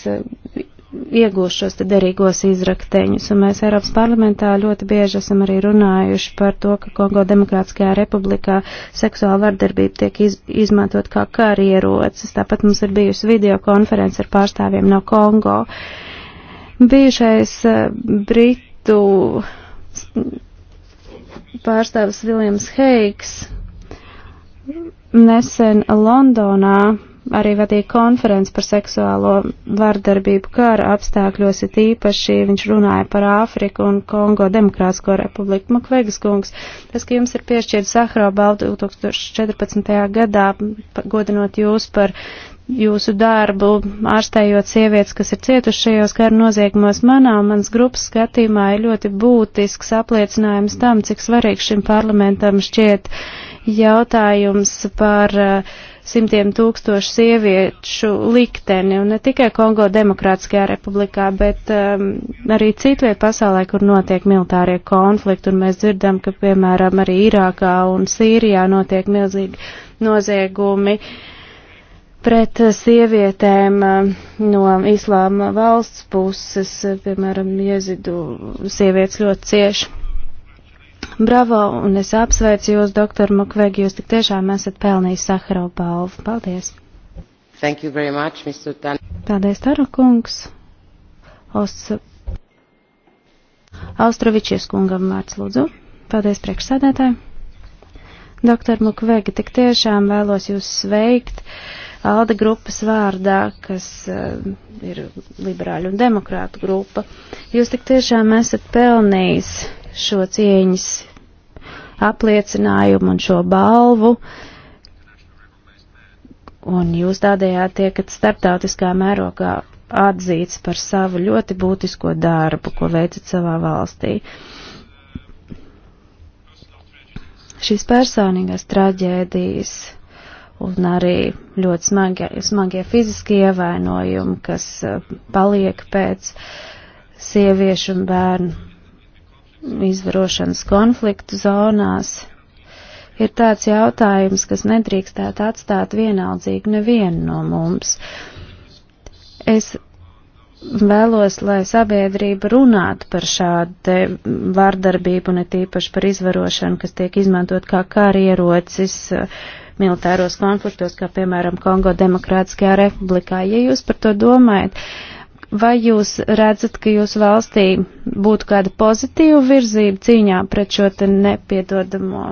iegūs šos te derīgos izrakteņus. Un mēs Eiropas parlamentā ļoti bieži esam arī runājuši par to, ka Kongo Demokrātiskajā republikā seksuāla vardarbība tiek iz, izmantot kā karierocis. Tāpat mums ir bijusi video konference ar pārstāvjiem no Kongo. Bijušais eh, Britu pārstāvis Viljams Heiks nesen Londonā arī vadīja konferenci par seksuālo vardarbību kara apstākļos, ir tīpaši viņš runāja par Āfriku un Kongo Demokrātisko republiku. Makvegas kungs, tas, ka jums ir piešķirta Sahara balda 2014. gadā, godinot jūs par jūsu darbu, ārstējot sievietes, kas ir cietušajos kara noziegumos manā un manas grupas skatījumā ir ļoti būtisks apliecinājums tam, cik svarīgs šim parlamentam šķiet jautājums par uh, simtiem tūkstošu sieviešu likteni, un ne tikai Kongo Demokrātiskajā republikā, bet um, arī citvie pasaulē, kur notiek militārie konflikti, un mēs dzirdam, ka, piemēram, arī Irākā un Sīrijā notiek milzīgi noziegumi pret sievietēm um, no islāma valsts puses, piemēram, jezidu sievietes ļoti cieši. Bravo, un es apsveicu jūs, doktor Makvegi, jūs tik tiešām esat pelnījis Saharov balvu. Paldies! Thank you very much, Mr. Tan. Paldies, Taro kungs. Os... Austrovičies kungam vārds lūdzu. Paldies, priekšsēdētāji. Doktor Mukvegi, tik tiešām vēlos jūs sveikt Alda grupas vārdā, kas uh, ir liberāļu un demokrātu grupa. Jūs tik tiešām esat pelnījis šo cieņas apliecinājumu un šo balvu. Un jūs tādējādi tiekat starptautiskā mērogā atzīts par savu ļoti būtisko darbu, ko veicat savā valstī. Šīs personīgās traģēdijas un arī ļoti smagie, smagie fiziskie ievainojumi, kas eh, paliek pēc sieviešu un bērnu izvarošanas konfliktu zonās, ir tāds jautājums, kas nedrīkstētu atstāt vienaldzīgi nevienu no mums. Es vēlos, lai sabiedrība runātu par šādu vārdarbību, ne tīpaši par izvarošanu, kas tiek izmantot kā kārierocis uh, militāros konfliktos, kā piemēram Kongo Demokrātiskajā republikā. Ja jūs par to domājat, uh, Vai jūs redzat, ka jūsu valstī būtu kāda pozitīva virzība cīņā pret šo te nepiedodamo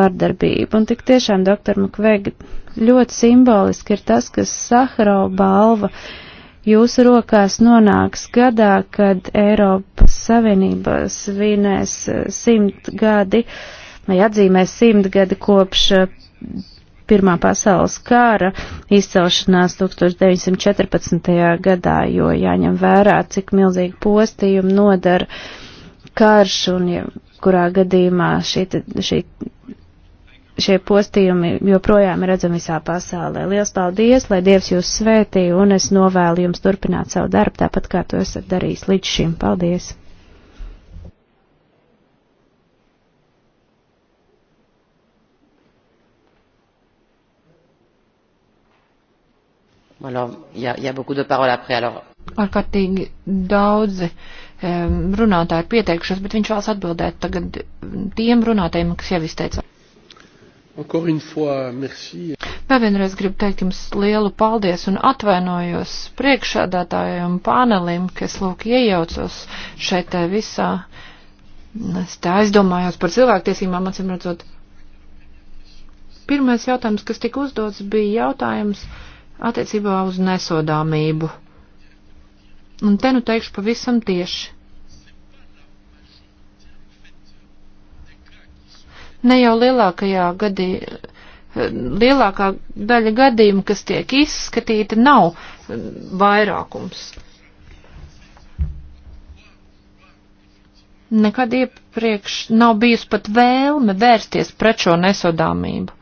vardarbību? Un tik tiešām, doktor Makveg, ļoti simboliski ir tas, ka Saharau balva jūsu rokās nonāks gadā, kad Eiropas Savienība svinēs simt gadi vai atzīmēs simt gadi kopš Pirmā pasaules kara izcelšanās 1914. gadā, jo jāņem vērā, cik milzīgi postījumi nodara karš un ja, kurā gadījumā šī, šī, šie postījumi joprojām ir redzami visā pasaulē. Liels paldies, lai Dievs jūs svētī un es novēlu jums turpināt savu darbu tāpat, kā to esat darījis līdz šim. Paldies! Alors, jā, jā, beaucoup de paroles après, alors. Ārkārtīgi daudzi um, runātāji ir pieteikušies, bet viņš vēlas atbildēt tagad tiem runātājiem, kas jau izteica. Encore une fois, merci. Vēl vienreiz gribu teikt jums lielu paldies un atvainojos priekšādātājiem panelim, kas lūk iejaucos šeit eh, visā. Es tā aizdomājos par cilvēktiesībām, acīm redzot. Pirmais jautājums, kas tika uzdots, bija jautājums attiecībā uz nesodāmību. Un te nu teikšu pavisam tieši. Ne jau lielākajā gadī, lielākā daļa gadījumu, kas tiek izskatīti, nav vairākums. Nekad iepriekš nav bijusi pat vēlme vērsties pret šo nesodāmību.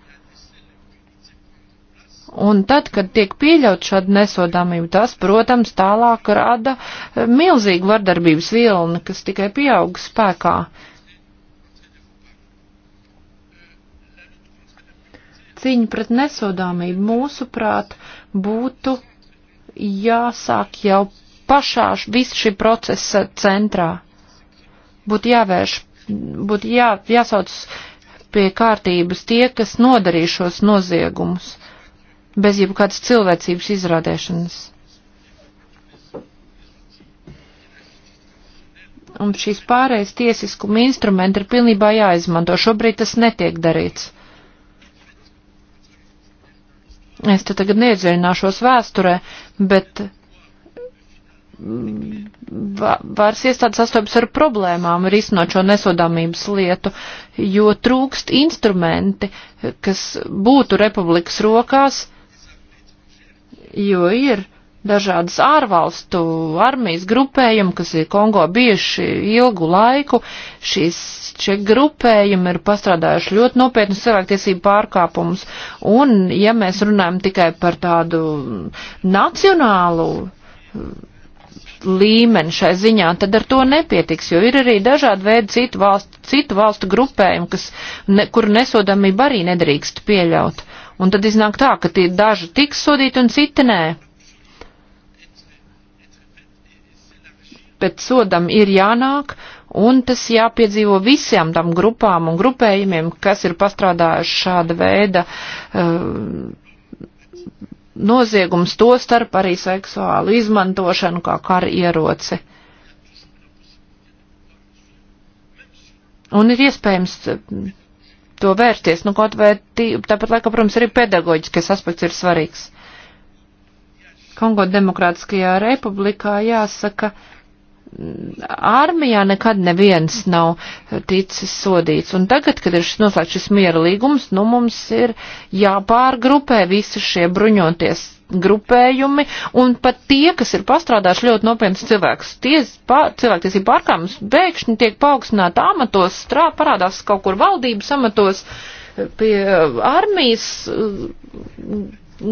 Un tad, kad tiek pieļaut šāda nesodāmība, tas, protams, tālāk rada eh, milzīgu vardarbības vilni, kas tikai pieaug spēkā. Cīņa pret nesodāmību mūsuprāt būtu jāsāk jau pašā visu šī procesa centrā. Būtu jāvērš, būtu jā, jāsauc pie kārtības tie, kas nodarīšos noziegumus bez jebkādas cilvēcības izrādēšanas. Un šīs pārējais tiesiskuma instrumenti ir pilnībā jāizmanto. Šobrīd tas netiek darīts. Es te tagad neiedziļināšos vēsturē, bet mm, varas iestādes sastopas ar problēmām risinot šo nesodāmības lietu, jo trūkst instrumenti, kas būtu republikas rokās, uh, jo ir dažādas ārvalstu armijas grupējumi, kas ir Kongo bijuši ilgu laiku. Šīs, šie grupējumi ir pastrādājuši ļoti nopietnu cilvēktiesību pārkāpumus. Un, ja mēs runājam tikai par tādu nacionālu mm, līmeni šai ziņā, tad ar to nepietiks, jo ir arī dažādi veidi citu valstu, citu valstu grupējumi, kas, ne, kuru nesodamību arī nedrīkst pieļaut. Uh, Un tad iznāk tā, ka tie daži tiks sodīti un citi nē. Bet sodam ir jānāk, un tas jāpiedzīvo visām tam grupām un grupējumiem, kas ir pastrādājuši šāda veida uh, noziegums, to starp arī seksuālu izmantošanu kā kara ieroci. Un ir iespējams to vērsties. Nu, kaut vai tī, tāpat laikā, protams, arī pedagoģiskais aspekts ir svarīgs. Kongo Demokrātiskajā republikā jāsaka, uh, Armijā nekad neviens nav ticis sodīts, un tagad, kad ir noslēgts šis miera līgums, nu mums ir jāpārgrupē visi šie bruņoties grupējumi, un pat tie, kas ir pastrādājuši ļoti nopietnas cilvēkus, ties, pā, cilvēktiesību pārkāpums, bēgšņi tiek paaugstināti amatos, strā, parādās kaut kur valdības amatos, pie eh, armijas eh,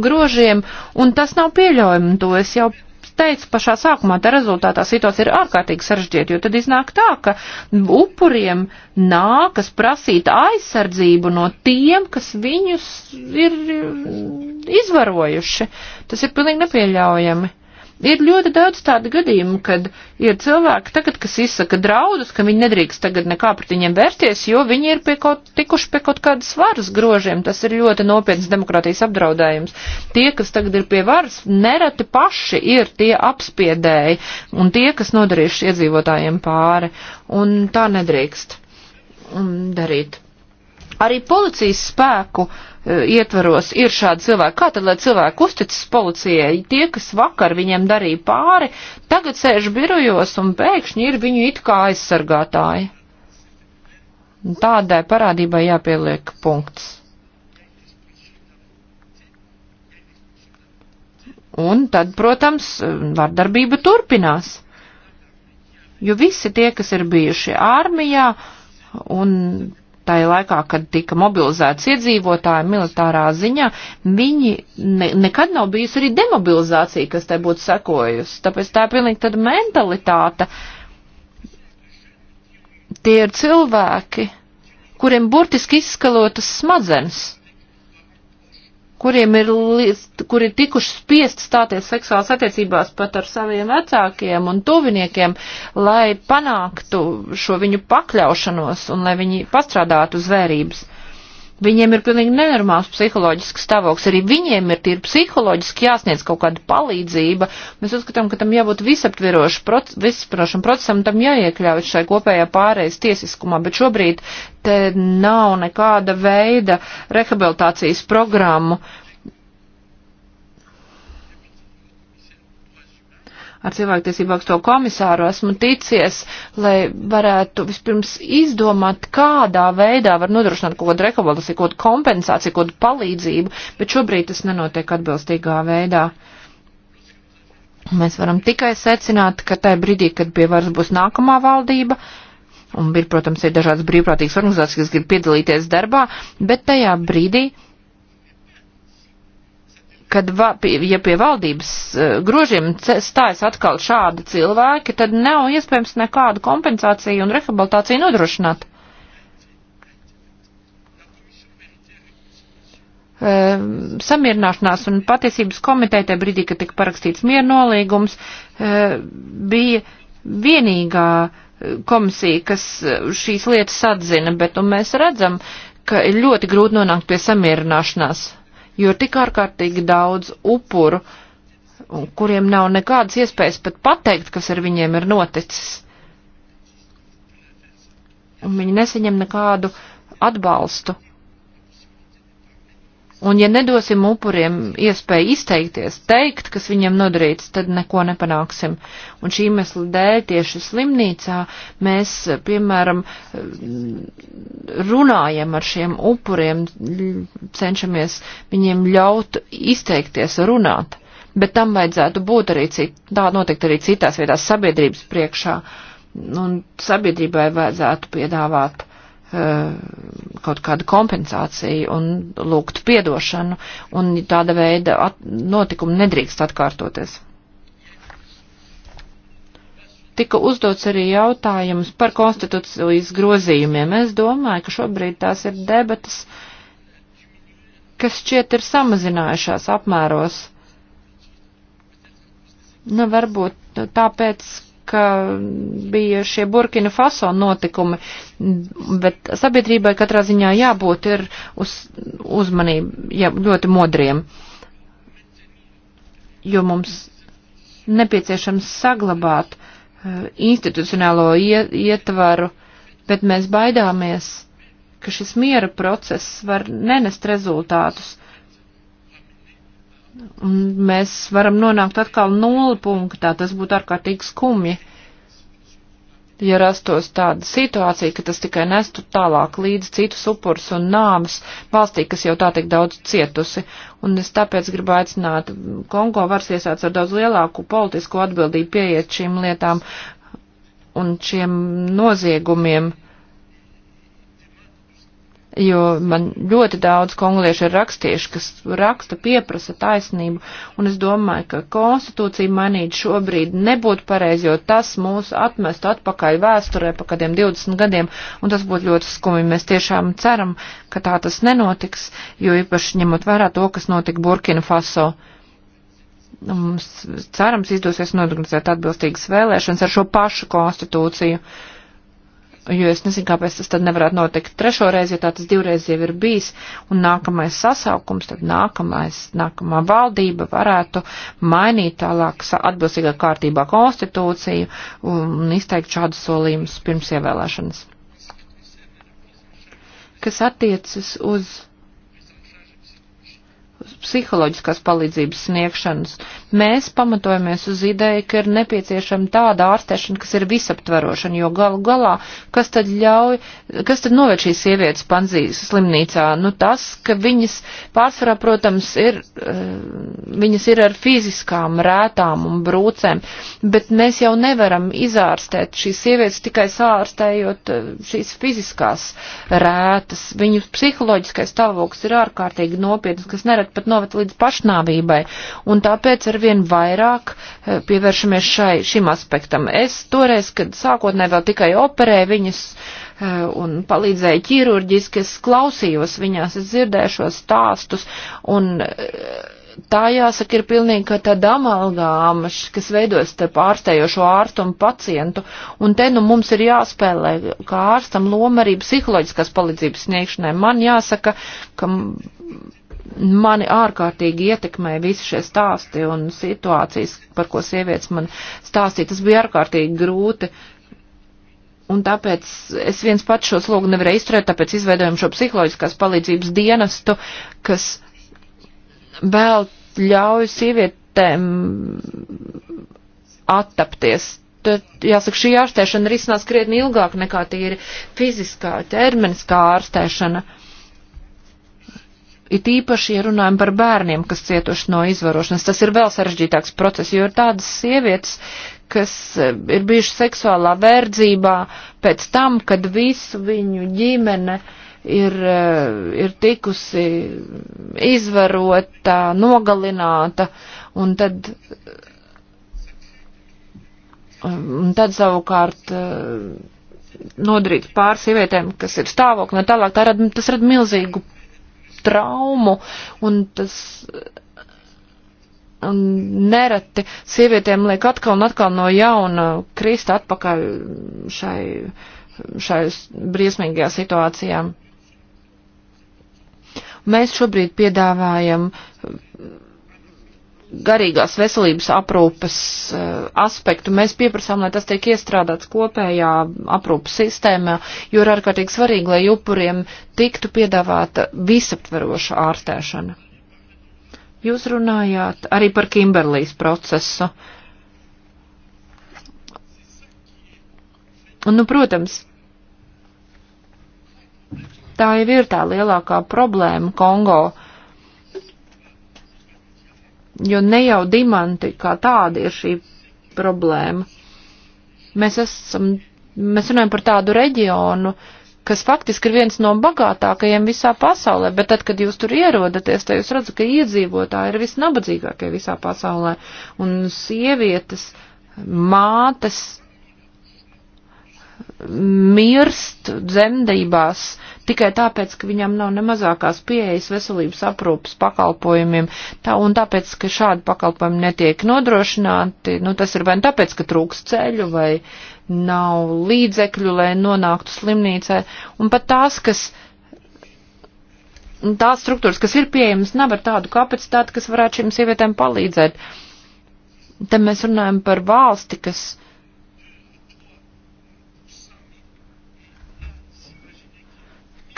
grožiem, un tas nav pieļaujami, to es jau teicu pašā sākumā, tā rezultātā situācija ir ārkārtīgi sarežģīta, jo tad iznāk tā, ka upuriem nākas prasīt aizsardzību no tiem, kas viņus ir izvarojuši. Tas ir pilnīgi nepieļaujami. Ir ļoti daudz tādu gadījumu, kad ir cilvēki tagad, kas izsaka draudus, ka viņi nedrīkst tagad nekā pret viņiem vērsties, jo viņi ir pie kaut, tikuši pie kaut kādas varas grožiem. Tas ir ļoti nopietns demokrātijas apdraudējums. Tie, kas tagad ir pie varas, nereti paši ir tie apspiedēji un tie, kas nodarījuši iedzīvotājiem pāri. Un tā nedrīkst um, darīt. Arī policijas spēku uh, ietvaros ir šādi cilvēki. Kā tad, lai cilvēki uzticas policijai? Tie, kas vakar viņiem darīja pāri, tagad sēž birojos un pēkšņi ir viņu it kā aizsargātāji. Tādai parādībai jāpieliek punkts. Un tad, protams, e, vardarbība turpinās. Jo visi tie, kas ir bijuši armijā un tā laikā, kad tika mobilizēts iedzīvotāji militārā ziņā, viņi ne, nekad nav bijusi arī demobilizācija, kas te būtu sekojusi. Tāpēc tā ir pilnīgi tāda mentalitāte. Tie ir cilvēki, kuriem burtiski izskalotas smadzenes kuriem ir, kuri ir tikuši spiest stāties seksuāls attiecībās pat ar saviem vecākiem un tuviniekiem, lai panāktu šo viņu pakļaušanos un lai viņi pastrādātu zvērības. Viņiem ir pilnīgi nenormāls psiholoģisks stāvoklis. Arī viņiem ir tīri psiholoģiski jāsniedz kaut kāda palīdzība. Mēs uzskatām, ka tam jābūt visaptverošam proc procesam, tam jāiekļaujas šai kopējā pārējais tiesiskumā, bet šobrīd te nav nekāda veida rehabilitācijas programmu. Uh, ar cilvēktiesību augsto komisāru esmu ticies, lai varētu vispirms izdomāt, kādā veidā var nodrošināt kaut kādu rekomendāciju, kaut kādu kompensāciju, kaut kādu palīdzību, bet šobrīd tas nenotiek atbilstīgā veidā. Mēs varam tikai secināt, ka tajā brīdī, kad pie varas būs nākamā valdība, un ir, protams, ir dažādas brīvprātīgas organizācijas, kas grib piedalīties darbā, bet tajā brīdī kad va, ja pie valdības e, grožiem stājas atkal šādi cilvēki, tad nav iespējams nekāda kompensācija un rehabilitācija nodrošināt. E, samierināšanās un patiesības komiteja tajā brīdī, kad tika parakstīts miernolīgums, e, bija vienīgā komisija, kas šīs lietas atzina, bet un mēs redzam, ka ir ļoti grūti nonākt pie samierināšanās jo ir tik ārkārtīgi daudz upuru, kuriem nav nekādas iespējas pat pateikt, kas ar viņiem ir noticis. Un viņi nesaņem nekādu atbalstu Un ja nedosim upuriem iespēju izteikties, teikt, kas viņam nodarīts, tad neko nepanāksim. Un šī iemesla dēļ tieši slimnīcā mēs, piemēram, runājam ar šiem upuriem, cenšamies viņiem ļaut izteikties, runāt. Bet tam vajadzētu būt arī cit, tā notikt arī citās vietās sabiedrības priekšā. Un sabiedrībai vajadzētu piedāvāt uh, Eh, kaut kādu kompensāciju un lūgt piedošanu, un tāda veida notikumi nedrīkst atkārtoties. Tika uzdots arī jautājums par konstitūcijas grozījumiem. Es domāju, ka šobrīd tās ir debatas, kas šķiet ir samazinājušās apmēros. Nu, varbūt tāpēc, ka bija šie Burkina Faso notikumi, bet sabiedrībai katrā ziņā jābūt ir uz, uzmanību, jā, ļoti modriem, jo mums nepieciešams saglabāt uh, institucionālo ietvaru, bet mēs baidāmies, ka šis miera process var nenest rezultātus Un mēs varam nonākt atkal nulli punktā, tas būtu ārkārtīgi skumji, ja rastos tāda situācija, ka tas tikai nestu tālāk līdz citus upurus un nāmas valstī, kas jau tā tik daudz cietusi. Un es tāpēc gribu aicināt Kongo varas iesāc ar daudz lielāku politisku atbildību pieiet šīm lietām un šiem noziegumiem jo man ļoti daudz kongliešu ir rakstījuši, kas raksta, pieprasa taisnību, un es domāju, ka konstitūciju mainīt šobrīd nebūtu pareizi, jo tas mūs atmestu atpakaļ vēsturē pa kādiem 20 gadiem, un tas būtu ļoti skumi. Mēs tiešām ceram, ka tā tas nenotiks, jo īpaši ņemot vērā to, kas notika Burkina Faso. Mums cerams izdosies nodrunāt atbilstīgas vēlēšanas ar šo pašu konstitūciju. Uh, jo es nezinu, kāpēc tas tad nevarētu notikt trešo reizi, jo tā tas divreiz jau ir bijis, un nākamais sasaukums, tad nākamais, nākamā valdība varētu mainīt tālāk atbilstīgā kārtībā konstitūciju un izteikt šādus solījumus pirms ievēlēšanas. Kas attiecas uz psiholoģiskās palīdzības sniegšanas. Mēs pamatojamies uz ideju, ka ir nepieciešama tāda ārstēšana, kas ir visaptverošana, jo galu galā, kas tad ļauj, kas tad noved šīs sievietes panzīs slimnīcā? Nu tas, ka viņas pārsvarā, protams, ir, eh, viņas ir ar fiziskām rētām un brūcēm, bet mēs jau nevaram izārstēt šīs sievietes tikai sārstējot eh, šīs fiziskās rētas. Viņu psiholoģiskais stāvoklis ir ārkārtīgi nopietns, kas nerad pat noved līdz pašnāvībai. Un tāpēc arvien vairāk eh, pievēršamies šai, šim aspektam. Es toreiz, kad sākotnē vēl tikai operēju viņas, eh, un palīdzēju ķirurģiski, es klausījos viņās, es dzirdēju šos stāstus, un eh, tā jāsaka ir pilnīgi tāda amalgāma, kas veidojas te pārstējošo ārstu un pacientu, un te nu mums ir jāspēlē kā ārstam loma arī psiholoģiskās palīdzības sniegšanai. Man jāsaka, ka mani ārkārtīgi ietekmēja visi šie stāsti un situācijas, par ko sievietes man stāstīja. Tas bija ārkārtīgi grūti. Un tāpēc es viens pats šo slogu nevarēju izturēt, tāpēc izveidojam šo psiholoģiskās palīdzības dienestu, kas vēl ļauj sievietēm attapties. Tad, jāsaka, šī ārstēšana risinās krietni ilgāk nekā tīri fiziskā, ķermeniskā ārstēšana. Uh, It īpaši, ja runājam par bērniem, kas cietuši no izvarošanas, tas ir vēl sarežģītāks process, jo ir tādas sievietes, kas e, ir bijušas seksuālā verdzībā pēc tam, kad visu viņu ģimene ir, e, ir tikusi izvarota, nogalināta, un tad e, Un tad savukārt nodarīt pār sievietēm, kas ir stāvokli un tālāk, tā rad, tas rada milzīgu traumu, un tas un nereti sievietēm liek atkal un atkal no jauna krist atpakaļ šai, šai briesmīgajā situācijā. Mēs šobrīd piedāvājam garīgās veselības aprūpas eh, aspektu. Mēs pieprasām, lai tas tiek iestrādāts kopējā aprūpas sistēmā, jo ir ārkārtīgi svarīgi, lai upuriem tiktu piedāvāta visaptveroša ārstēšana. Jūs runājāt arī par Kimberlīs procesu. Un, nu, protams, tā jau ir tā lielākā problēma Kongo. Uh, jo ne jau dimanti kā tāda ir šī problēma. Mēs esam, mēs runājam par tādu reģionu, kas faktiski ir viens no bagātākajiem visā pasaulē, bet tad, kad jūs tur ierodaties, tad jūs redzat, ka iedzīvotāji ir visnabadzīgākie visā pasaulē, un sievietes, mātes, mirst dzemdībās tikai tāpēc, ka viņam nav ne mazākās pieejas veselības aprūpas pakalpojumiem, tā un tāpēc, ka šādi pakalpojumi netiek nodrošināti, nu tas ir vai nu tāpēc, ka trūks ceļu vai nav līdzekļu, lai nonāktu slimnīcē, un pat tās, kas tās struktūras, kas ir pieejamas, nav ar tādu kapacitāti, kas varētu šīm sievietēm palīdzēt. Te mēs runājam par valsti, kas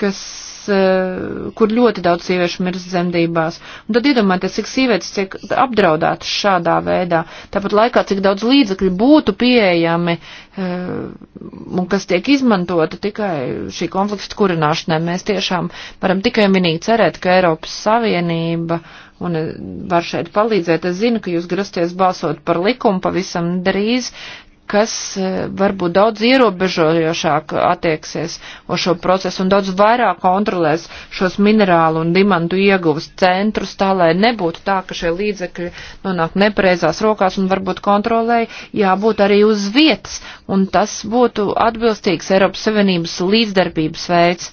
kas, eh, kur ļoti daudz sieviešu mirst zemdībās. Un tad iedomājieties, cik sievietes tiek apdraudētas šādā veidā. Tāpat laikā, cik daudz līdzekļu būtu pieejami eh, un kas tiek izmantota tikai šī konflikta kurināšanai. Mēs tiešām varam tikai un vienīgi cerēt, ka Eiropas Savienība un eh, var šeit palīdzēt. Es zinu, ka jūs grasties balsot par likumu pavisam drīz, kas e, varbūt daudz ierobežojošāk attieksies uz šo procesu un daudz vairāk kontrolēs šos minerālu un dimantu ieguvas centrus, tā lai nebūtu tā, ka šie līdzekļi nonāk nepreizās rokās un varbūt kontrolē jābūt arī uz vietas, un tas būtu atbilstīgs Eiropas Savienības līdzdarbības veids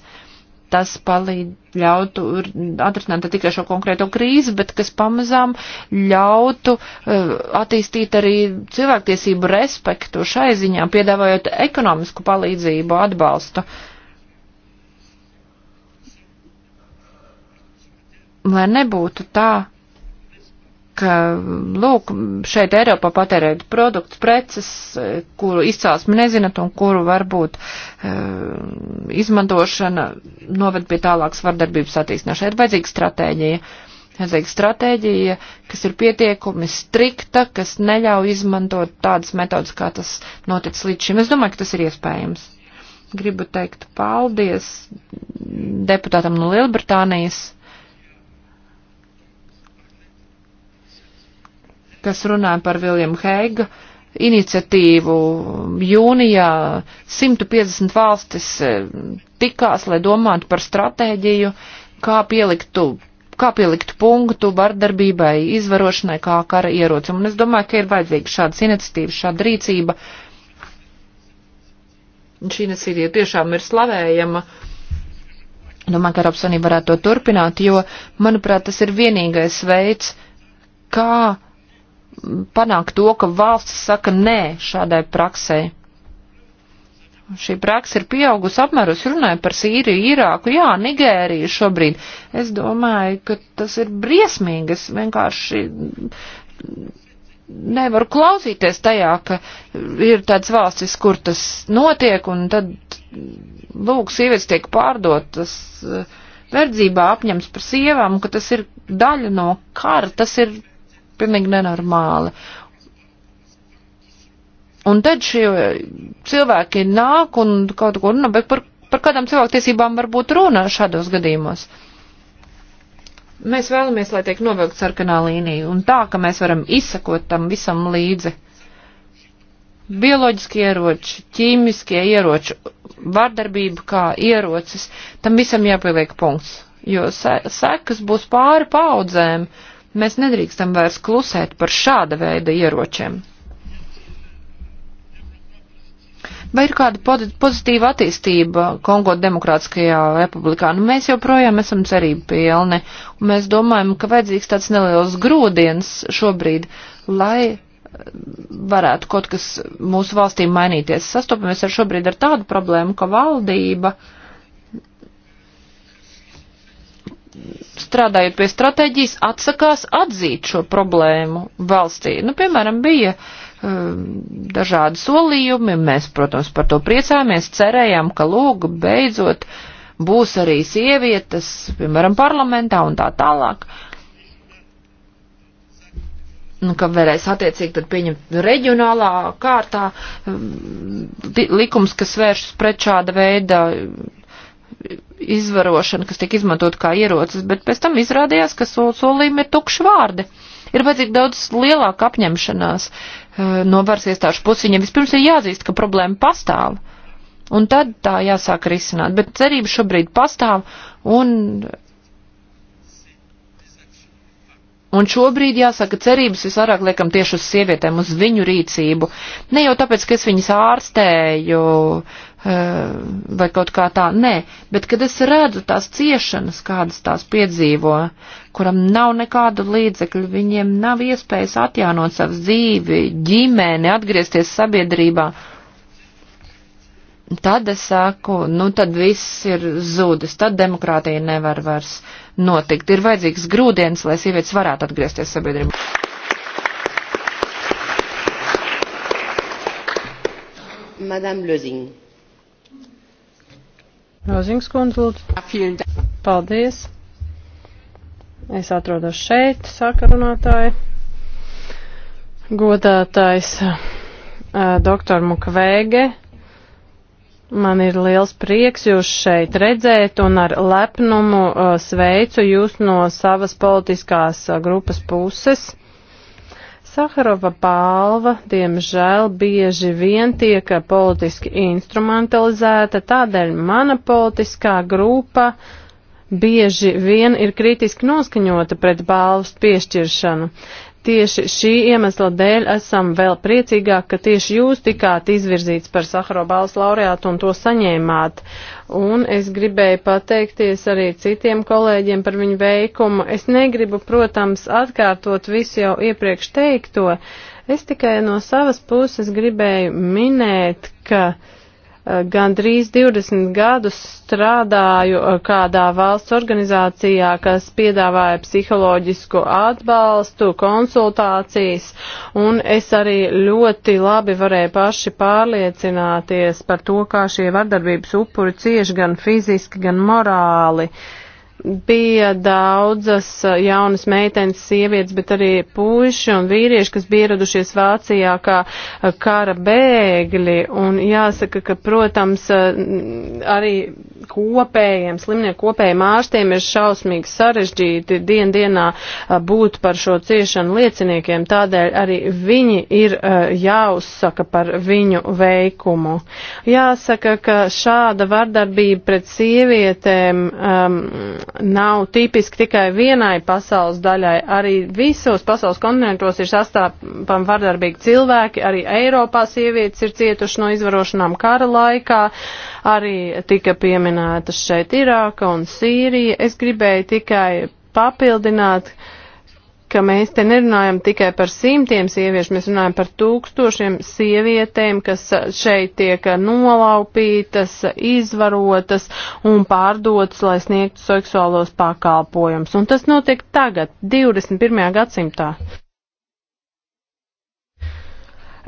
tas palīdz ļautu atrisināt ne tikai šo konkrēto krīzi, bet kas pamazām ļautu uh, attīstīt arī cilvēktiesību respektu šai ziņā, piedāvājot ekonomisku palīdzību, atbalstu. Lai nebūtu tā, ka, lūk, šeit Eiropā patērēt produktu, preces, e, kuru izcelsmi nezinat un kuru varbūt e, izmantošana noved pie tālākas vardarbības attīstināšanas. Šeit vajadzīga stratēģija. Vajadzīga stratēģija, kas ir pietiekumi strikta, kas neļauj izmantot tādas metodas, kā tas notic līdz šim. Es domāju, ka tas ir iespējams. Gribu teikt paldies deputātam no Lielbritānijas kas runāja par Viljumu Heiga iniciatīvu jūnijā 150 valstis eh, tikās, lai domātu par stratēģiju, kā pieliktu kā pielikt punktu vardarbībai, izvarošanai, kā kara ierocim. Un es domāju, ka ir vajadzīga šādas iniciatīvas, šāda rīcība. Un šī iniciatīva tiešām ir slavējama. Domāju, ka Eiropas Unija varētu to turpināt, jo, manuprāt, tas ir vienīgais veids, kā panākt to, ka valsts saka nē šādai praksē. Šī praksa ir pieaugusi apmēros, runāju par Sīriju, Irāku, jā, Nigēriju šobrīd. Es domāju, ka tas ir briesmīgi. Es vienkārši nevaru klausīties tajā, ka ir tāds valstis, kur tas notiek, un tad, lūk, sievietes tiek pārdotas eh, verdzībā apņems par sievām, ka tas ir daļa no kara, tas ir pilnīgi nenormāli. Un tad šie cilvēki nāk un kaut ko runā, bet par, par kādām cilvēktiesībām var būt runa šādos gadījumos. Mēs vēlamies, lai tiek novilkt sarkanā līnija un tā, ka mēs varam izsakot tam visam līdzi. Bioloģiskie ieroči, ķīmiskie ieroči, vardarbība kā ierocis, tam visam jāpieliek punkts, jo sekas būs pāri paudzēm. Uh, Mēs nedrīkstam vairs klusēt par šāda veida ieročiem. Vai ir kāda pozitīva attīstība Kongo Demokrātiskajā republikā? Nu, mēs joprojām esam cerību pilni, un mēs domājam, ka vajadzīgs tāds neliels grūdienis šobrīd, lai eh, varētu kaut kas mūsu valstī mainīties. Sastopamies ar šobrīd ar tādu problēmu, ka valdība uh, strādājot pie stratēģijas, atsakās atzīt šo problēmu valstī. Nu, piemēram, bija um, dažādi solījumi, mēs, protams, par to priecājāmies, cerējām, ka lūg, beidzot, būs arī sievietes, piemēram, parlamentā un tā tālāk. Nu, ka varēs attiecīgi tad pieņemt reģionālā kārtā um, likums, kas vēršas pret šāda veida izvarošana, kas tiek izmantot kā ierocis, bet pēc tam izrādījās, ka sol, solījumi ir tukši vārdi. Ir vajadzīga daudz lielāka apņemšanās eh, no varas iestāžu puses. Viņam vispirms ir jāzīst, ka problēma pastāv. Un tad tā jāsāk risināt. Bet cerība šobrīd pastāv un. Un šobrīd, jāsaka, cerības visvairāk liekam tieši uz sievietēm, uz viņu rīcību. Ne jau tāpēc, ka es viņas ārstēju, uh, vai kaut kā tā. Nē, bet kad es redzu tās ciešanas, kādas tās piedzīvo, kuram nav nekādu līdzekļu, viņiem nav iespējas atjaunot savas dzīvi, ģimēni, atgriezties sabiedrībā, tad es saku, nu tad viss ir zudis, tad demokrātija nevar vairs notikt. Ir vajadzīgs grūdienis, lai sievietes varētu atgriezties sabiedrībā. Madame Lezing. Rozings kundze, lūdzu. Paldies. Es atrodos šeit, saka runātāja. Godātājs doktor Mukvēge. Man ir liels prieks jūs šeit redzēt un ar lepnumu sveicu jūs no savas politiskās grupas puses. Saharova balva, diemžēl, bieži vien tiek politiski instrumentalizēta, tādēļ mana politiskā grupa bieži vien ir kritiski noskaņota pret balvas piešķiršanu. Tieši šī iemesla dēļ esam vēl priecīgāk, ka tieši jūs tikāt izvirzīts par Sahara balvas laureātu un to saņēmāt. Un es gribēju pateikties arī citiem kolēģiem par viņu veikumu. Es negribu, protams, atkārtot visu jau iepriekš teikto. Es tikai no savas puses gribēju minēt, ka uh, Eh, gandrīz 20 gadus strādāju eh, kādā valsts organizācijā, kas piedāvāja psiholoģisku atbalstu, konsultācijas, un es arī ļoti labi varēju paši pārliecināties par to, kā šie vardarbības upuri cieši gan fiziski, gan morāli. Uh, bija daudzas uh, jaunas meitenes, sievietes, bet arī puiši un vīrieši, kas bija ieradušies Vācijā kā uh, kara bēgļi. Un jāsaka, ka, protams, uh, arī kopējiem, slimnieku kopējiem ārstiem ir šausmīgi sarežģīti dien dienā būt par šo ciešanu lieciniekiem, tādēļ arī viņi ir jāuzsaka par viņu veikumu. Jāsaka, ka šāda vardarbība pret sievietēm um, nav tipiski tikai vienai pasaules daļai, arī visos pasaules kontinentos ir sastāpam vardarbīgi cilvēki, arī Eiropā sievietes ir cietuši no izvarošanām kara laikā, arī tika pieminēta pieminētas šeit Irāka un Sīrija. Es gribēju tikai papildināt, ka mēs te nerunājam tikai par simtiem sieviešu, mēs runājam par tūkstošiem sievietēm, kas šeit tiek nolaupītas, izvarotas un pārdotas, lai sniegtu seksuālos pakalpojumus. Un tas notiek tagad, 21. gadsimtā.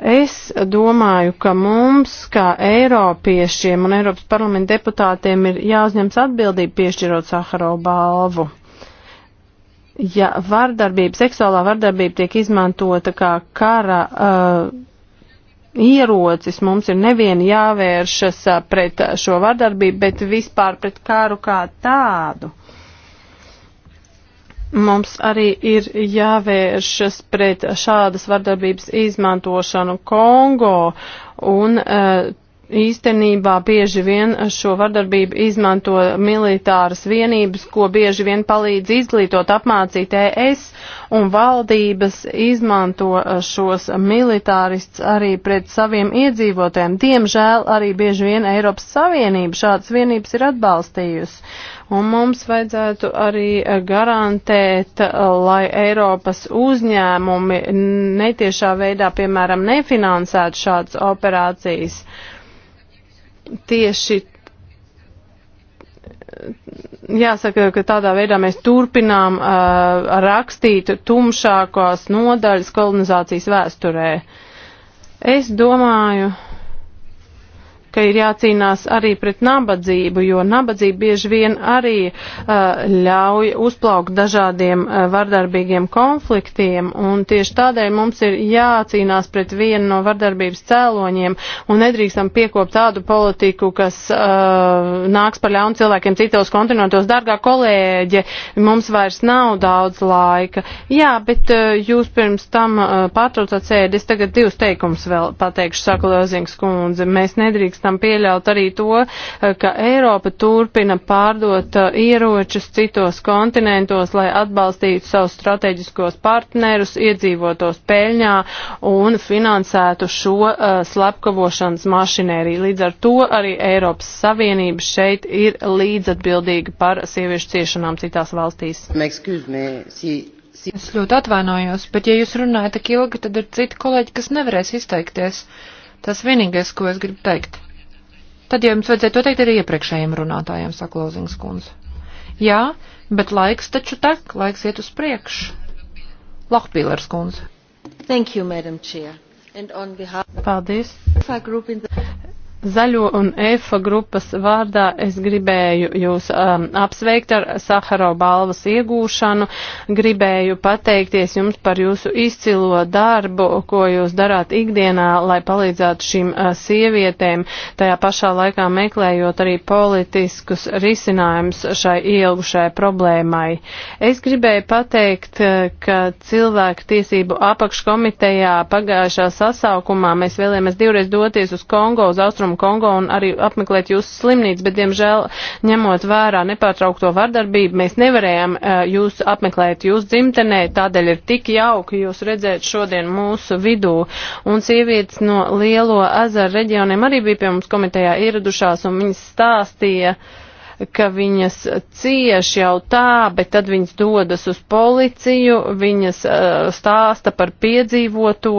Es domāju, ka mums, kā Eiropiešiem un Eiropas parlamenta deputātiem, ir jāuzņems atbildība piešķirot Saharov balvu. Ja vardarbība, seksuālā vardarbība tiek izmantota kā kara uh, ierocis, mums ir nevien jāvēršas uh, pret šo vardarbību, bet vispār pret kāru kā tādu. Mums arī ir jāvēršas pret šādas vardarbības izmantošanu Kongo un uh, īstenībā bieži vien šo vardarbību izmanto militāras vienības, ko bieži vien palīdz izglītot, apmācīt ES, un valdības izmanto eh, šos militārists arī pret saviem iedzīvotēm. Diemžēl arī bieži vien Eiropas Savienība šādas vienības ir atbalstījusi. Un mums vajadzētu arī garantēt, lai Eiropas uzņēmumi netiešā veidā, piemēram, nefinansētu šādas operācijas. Tieši jāsaka, ka tādā veidā mēs turpinām uh, rakstīt tumšākās nodaļas kolonizācijas vēsturē. Es domāju ka ir jācīnās arī pret nabadzību, jo nabadzība bieži vien arī uh, ļauj uzplaukt dažādiem uh, vardarbīgiem konfliktiem, un tieši tādēļ mums ir jācīnās pret vienu no vardarbības cēloņiem, un nedrīkstam piekopt tādu politiku, kas uh, nāks par ļaunu cilvēkiem citos kontinentos. Dargā kolēģe, mums vairs nav daudz laika. Jā, bet uh, jūs pirms tam uh, pārtraucāt sēdi, es tagad divus teikumus vēl pateikšu, saka Lozings kundze. Mēs nedrīkstam nedrīkstam pieļaut arī to, eh, ka Eiropa turpina pārdot eh, ieročus citos kontinentos, lai atbalstītu savus strateģiskos partnerus, iedzīvotos peļņā un finansētu šo uh, slepkavošanas mašinēriju. Līdz ar to arī Eiropas Savienība šeit ir līdzatbildīga par sieviešu ciešanām citās valstīs. Es ļoti atvainojos, bet ja jūs runājat tik ilgi, tad ir citi kolēģi, kas nevarēs izteikties. Tas vienīgais, ko es gribu teikt tad jau jums vajadzētu to teikt arī iepriekšējiem runātājiem, saka Lozings kundze. Jā, bet laiks taču tek, laiks iet uz priekšu. Lohpīlers kundze. Thank you, Madam Chair. Paldies. Zaļo un EFA grupas vārdā es gribēju jūs um, apsveikt ar Saharo balvas iegūšanu, gribēju pateikties jums par jūsu izcilo darbu, ko jūs darāt ikdienā, lai palīdzētu šīm uh, sievietēm, tajā pašā laikā meklējot arī politiskus risinājumus šai ielgušai problēmai. Es gribēju pateikt, uh, ka cilvēku tiesību apakškomitejā pagājušā sasaukumā mēs vēlējāmies divreiz doties uz Kongo, uz Austrumu rietumu Kongo un arī apmeklēt jūsu slimnīcu, bet, diemžēl, ņemot vērā nepārtraukto vardarbību, mēs nevarējām eh, jūs apmeklēt jūs dzimtenē, tādēļ ir tik jauki jūs redzēt šodien mūsu vidū. Un sievietes no Lielo ezeru reģioniem arī bija pie mums komitejā ieradušās un viņas stāstīja, ka viņas cieš jau tā, bet tad viņas dodas uz policiju, viņas uh, stāsta par piedzīvoto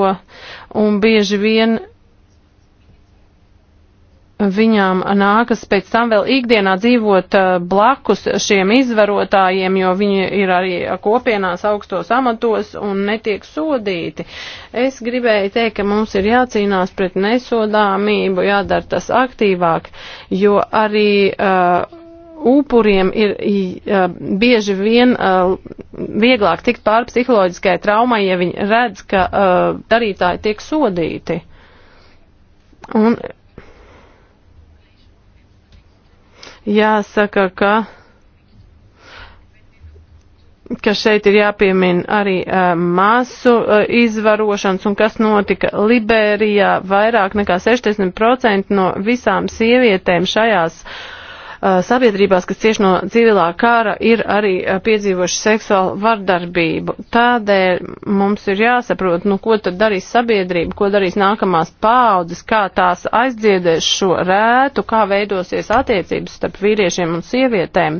un bieži vien viņām nākas pēc tam vēl ikdienā dzīvot eh, blakus šiem izvarotājiem, jo viņi ir arī kopienās augstos amatos un netiek sodīti. Es gribēju teikt, ka mums ir jācīnās pret nesodāmību, jādara tas aktīvāk, jo arī uh, upuriem ir uh, bieži vien uh, vieglāk tikt pāri psiholoģiskai traumai, ja viņi redz, ka uh, darītāji tiek sodīti. Un Jāsaka, ka ka šeit ir jāpiemina arī uh, masu uh, izvarošanas un kas notika Liberijā. Vairāk nekā 60% no visām sievietēm šajās uh, Uh, sabiedrībās, kas cieši no civilā kara, ir arī uh, piedzīvojuši seksuālu vardarbību. Tādēļ mums ir jāsaprot, nu, ko tad darīs sabiedrība, ko darīs nākamās paaudzes, kā tās aizdziedēs šo rētu, kā veidosies attiecības starp vīriešiem un sievietēm.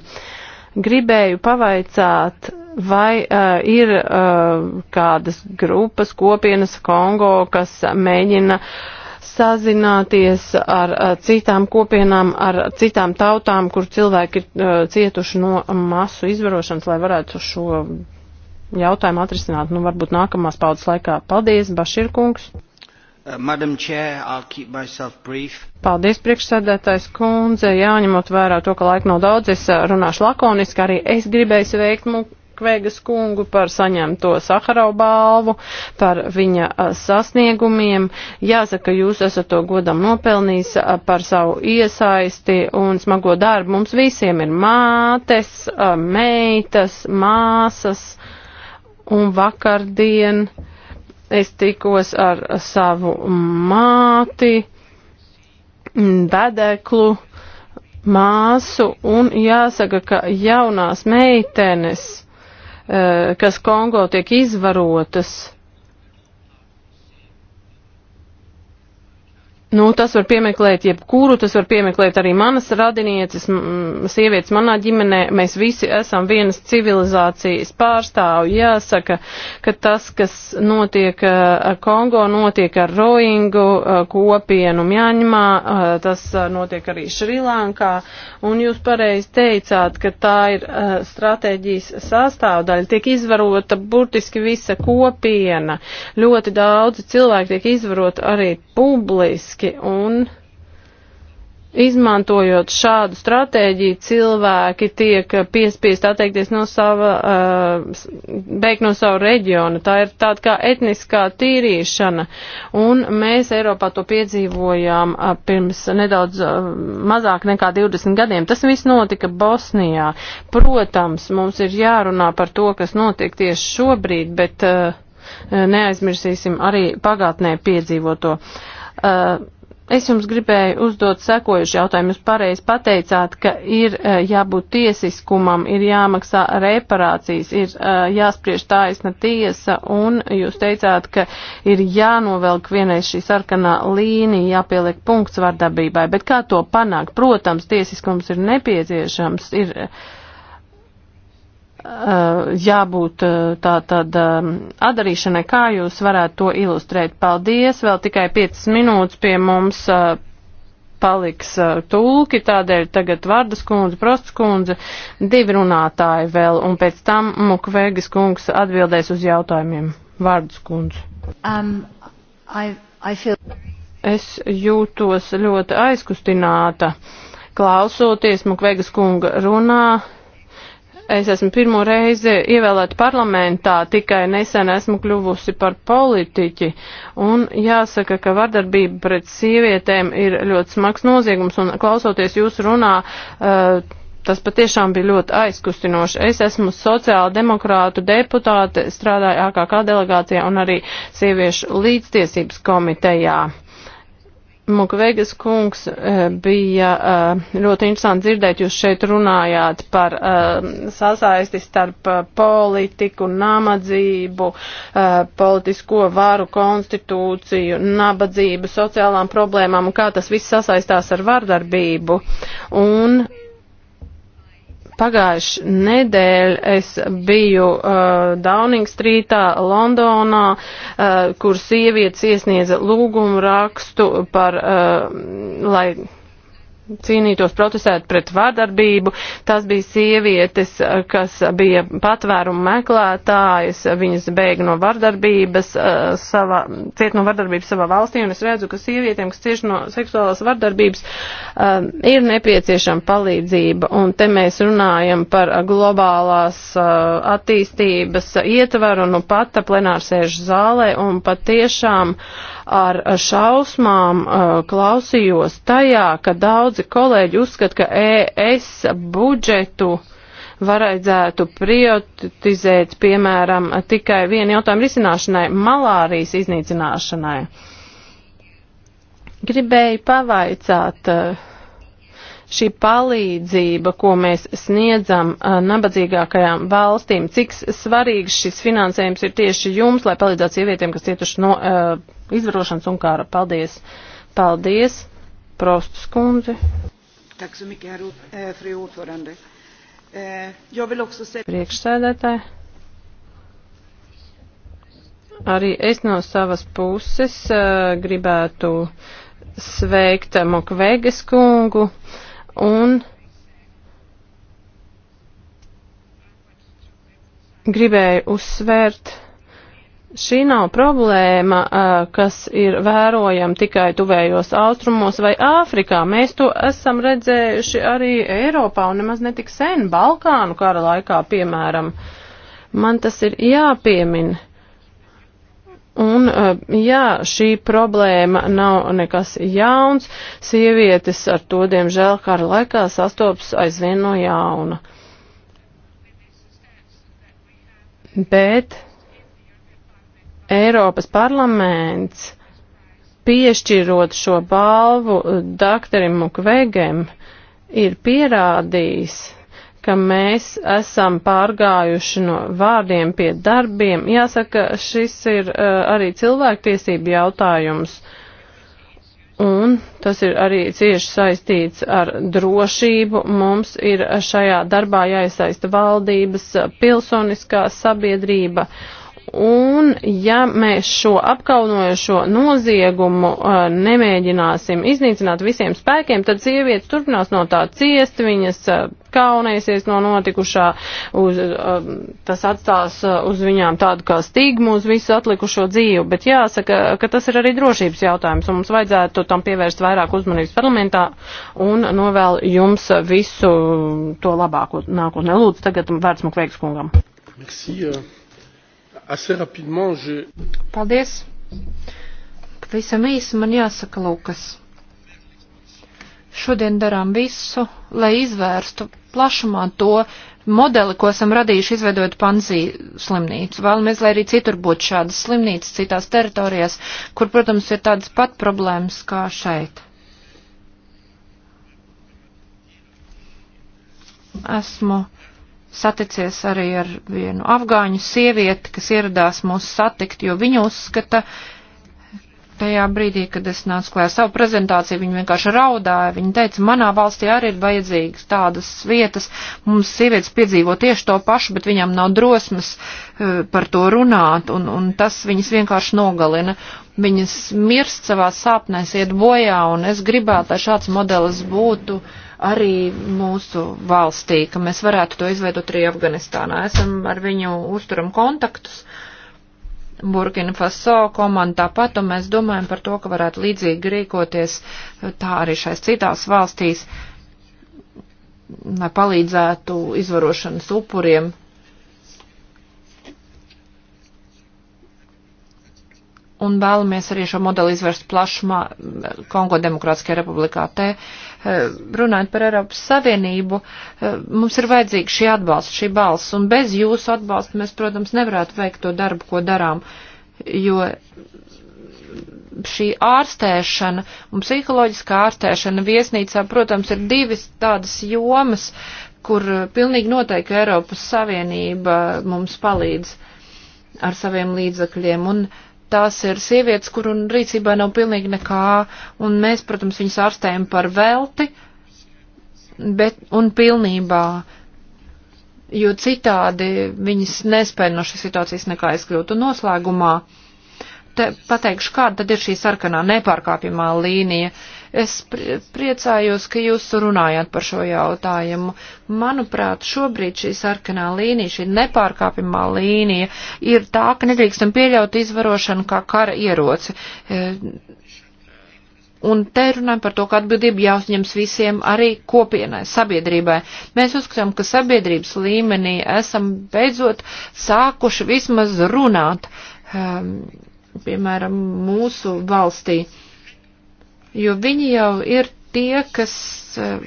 Gribēju pavaicāt, vai uh, ir uh, kādas grupas, kopienas Kongo, kas mēģina uh, sazināties ar citām kopienām, ar citām tautām, kur cilvēki ir cietuši no masu izvarošanas, lai varētu šo jautājumu atrisināt, nu, varbūt nākamās paudzes laikā. Paldies, Bašir kungs! Uh, Madam Chair, I'll keep myself brief. Paldies, priekšsēdētājs kundze. Jāņemot vērā to, ka laika nav daudz, es runāšu lakoniski. Arī es gribēju sveikt Mukvegas kungu par saņemto Saharau balvu, par viņa sasniegumiem. Jāsaka, jūs esat to godam nopelnījis par savu iesaisti un smago darbu. Mums visiem ir mātes, meitas, māsas un vakardien es tikos ar savu māti, bedeklu, māsu, un jāsaka, ka jaunās meitenes Eh, kas Kongo tiek izvarotas. Nu, tas var piemeklēt jebkuru, tas var piemeklēt arī manas radinieces, sievietes manā ģimenē. Mēs visi esam vienas civilizācijas pārstāvi. Jāsaka, ka tas, kas notiek eh, ar Kongo, notiek ar Roingu eh, kopienu Mjaņmā, eh, tas notiek arī Šrilankā. Un jūs pareizi teicāt, ka tā ir stratēģijas sastāvdaļa. Tiek izvarota burtiski visa kopiena. Ļoti daudzi cilvēki tiek izvarota arī publiski lieliski un izmantojot šādu stratēģiju, cilvēki tiek piespiest atteikties no sava, uh, beigt no savu reģionu. Tā ir tāda kā etniskā tīrīšana. Un mēs Eiropā to piedzīvojām uh, pirms nedaudz uh, mazāk nekā 20 gadiem. Tas viss notika Bosnijā. Protams, mums ir jārunā par to, kas notiek tieši šobrīd, bet neaizmirsīsim arī pagātnē piedzīvoto. Uh, Uh, Es jums gribēju uzdot sekojuši jautājumu. Jūs pareizi pateicāt, ka ir uh, jābūt tiesiskumam, ir jāmaksā reparācijas, ir uh, jāspriež taisna tiesa, un jūs teicāt, ka ir jānovelk vienreiz šī sarkanā līnija, jāpieliek punkts vardarbībai. Bet kā to panākt? Protams, tiesiskums ir nepieciešams. Ir, uh, Eh, jābūt eh, tā tad eh, atdarīšanai, kā jūs varētu to ilustrēt. Paldies, vēl tikai 5 minūtes pie mums paliks tulki, tādēļ tagad Vardas kundze, Prostas kundze, divi runātāji vēl, un pēc tam Mukvegas kungs atbildēs uz jautājumiem. Vardas kundze. Um, I, I feel... Es jūtos ļoti aizkustināta, klausoties Mukvegas kunga runā Es esmu pirmo reizi ievēlēta parlamentā, tikai nesen esmu kļuvusi par politiķi. Un jāsaka, ka vardarbība pret sievietēm ir ļoti smags noziegums. Un klausoties jūsu runā, uh, tas patiešām bija ļoti aizkustinoši. Es esmu sociāla demokrātu deputāte, strādāju AKK delegācijā un arī sieviešu līdztiesības komitejā. Mukvegas kungs eh, bija eh, ļoti interesanti dzirdēt, jūs šeit runājāt par eh, sasaisti starp politiku, nabadzību, politisko varu, konstitūciju, nabadzību, sociālām problēmām un kā tas viss sasaistās ar vardarbību. Un Pagājuši nedēļ es biju uh, Downing Streetā, Londonā, uh, kur sievietes iesniedza lūgumu rakstu par, uh, lai cīnītos, protestētu pret vardarbību. Tās bija sievietes, kas bija patvērumu meklētājas, viņas bēga no vardarbības, eh, savā, ciet no vardarbības savā valstī, un es redzu, ka sievietēm, kas cieši no seksuālās vardarbības, eh, ir nepieciešama palīdzība, un te mēs runājam par globālās eh, attīstības ietvaru, nu pat plenārsēžu zālē, un patiešām uh, ar šausmām uh, klausījos tajā, ka daudzi kolēģi uzskata, ka ES budžetu varētu prioritizēt, piemēram, tikai vienu jautājumu risināšanai - malārijas iznīcināšanai. Gribēju pavaicāt, uh, šī palīdzība, ko mēs sniedzam uh, nabadzīgākajām valstīm, cik svarīgs šis finansējums ir tieši jums, lai palīdzētu sievietēm, kas cietuši no uh, izvarošanas un kara. Paldies! Paldies, Prostas kundze! Eh, eh, Priekšsēdētāji! Arī es no savas puses uh, gribētu sveikt Mokveges kungu un gribēju uzsvērt Šī nav problēma, kas ir vērojama tikai tuvējos austrumos vai Āfrikā. Mēs to esam redzējuši arī Eiropā un nemaz netik sen, Balkānu kara laikā, piemēram. Man tas ir jāpiemina. Un, jā, šī problēma nav nekas jauns. Sievietes ar to, diemžēl, kara laikā sastopas aizvien no jauna. Bet Eiropas parlaments piešķirot šo balvu eh, doktorim Mukvegem ir pierādījis, ka mēs esam pārgājuši no vārdiem pie darbiem. Jāsaka, šis ir uh, arī cilvēktiesību jautājums. Un tas ir arī cieši saistīts ar drošību. Mums ir šajā darbā jāiesaista valdības, pilsoniskā sabiedrība. Uh, Un, ja mēs šo apkaunojošo noziegumu uh, nemēģināsim iznīcināt visiem spēkiem, tad sievietes turpinās no tā ciest, viņas uh, kaunēsies no notikušā, uz, uh, tas atstās uh, uz viņām tādu kā stigmu uz visu atlikušo dzīvi, bet jāsaka, ka tas ir arī drošības jautājums, un mums vajadzētu tam pievērst vairāk uzmanības parlamentā un novēl jums visu to labāko nākotnē. Lūdzu, tagad vērts Mukveiks kungam. Merci, uh assez rapidement, je... Paldies! Pavisam īsi man jāsaka, Lūkas. Šodien darām visu, lai izvērstu plašumā to modeli, ko esam radījuši izveidot Panzī slimnīcu. Vēlamies, lai arī citur būtu šādas slimnīcas, citās teritorijās, kur, protams, ir tādas pat problēmas kā šeit. Esmu saticies arī ar vienu afgāņu sievieti, kas ieradās mūs satikt, jo viņa uzskata, tajā brīdī, kad es nācu klāt savu prezentāciju, viņa vienkārši raudāja. Viņa teica, manā valstī arī ir vajadzīgas tādas vietas. Mums sievietes piedzīvo tieši to pašu, bet viņām nav drosmes uh, par to runāt, un, un tas viņas vienkārši nogalina. Viņas mirst savā sāpnēs, iet bojā, un es gribētu, lai šāds modelis būtu. Uh, arī mūsu valstī, ka mēs varētu to izveidot arī Afganistānā. Esam ar viņu uzturam kontaktus. Burkina Faso komanda tāpat, un mēs domājam par to, ka varētu līdzīgi rīkoties tā arī šais citās valstīs, lai palīdzētu izvarošanas upuriem un vēlamies arī šo modeli izvērst plašumā Kongo Demokrātiskajā republikā. Te eh, runājot par Eiropas Savienību, eh, mums ir vajadzīga šī atbalsta, šī balss, un bez jūsu atbalsta mēs, protams, nevarētu veikt to darbu, ko darām, jo šī ārstēšana un psiholoģiskā ārstēšana viesnīcā, protams, ir divas tādas jomas, kur eh, pilnīgi noteikti Eiropas Savienība mums palīdz ar saviem līdzakļiem. Un, uh, tās ir sievietes, kuru rīcībā nav pilnīgi nekā, un mēs, protams, viņus ārstējam par velti, bet un pilnībā, jo citādi viņas nespēja no šīs situācijas nekā izkļūt. Un noslēgumā te pateikšu, kāda tad ir šī sarkanā nepārkāpjamā līnija. Uh, Es priecājos, ka jūs runājāt par šo jautājumu. Manuprāt, šobrīd šī sarkanā līnija, šī nepārkāpimā līnija ir tā, ka nedrīkstam pieļaut izvarošanu kā kara ieroci. E, un te runājam par to, ka atbildība jāuzņems visiem arī kopienai, sabiedrībai. Mēs uzskatām, ka sabiedrības līmenī esam beidzot sākuši vismaz runāt, um, piemēram, mūsu valstī. Uh, jo viņi jau ir tie, kas eh,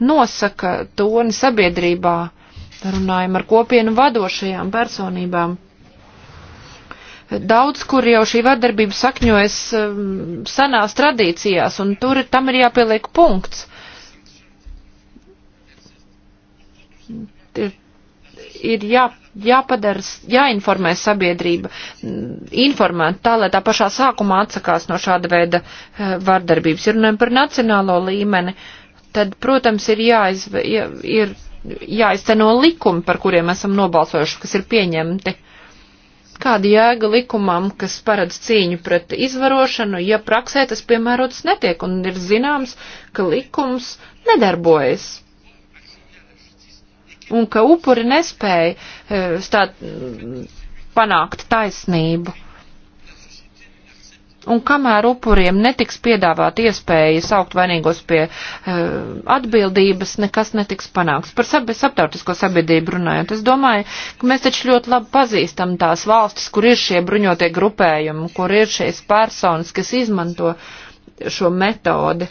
nosaka toni sabiedrībā, runājam ar kopienu vadošajām personībām. Daudz, kur jau šī vardarbība sakņojas eh, senās tradīcijās, un tur tam ir jāpieliek punkts. Ir, ir jā, jāpadara, jāinformē sabiedrība, informēt tā, lai tā pašā sākumā atsakās no šāda veida eh, vardarbības. Ja runājam par nacionālo līmeni, tad, protams, ir jāizve, ir jāizteno likumi, par kuriem esam nobalsojuši, kas ir pieņemti. Kāda jēga likumam, kas paredz cīņu pret izvarošanu, ja praksē tas piemērots netiek un ir zināms, ka likums nedarbojas? un ka upuri nespēja e, stāt, panākt taisnību. Un kamēr upuriem netiks piedāvāt iespēja saukt vainīgos pie uh, atbildības, nekas netiks panāks. Par sabi saptautisko sabiedrību runājot, es domāju, ka mēs taču ļoti labi pazīstam tās valstis, kur ir šie bruņotie grupējumi, kur ir šīs personas, kas izmanto šo metodi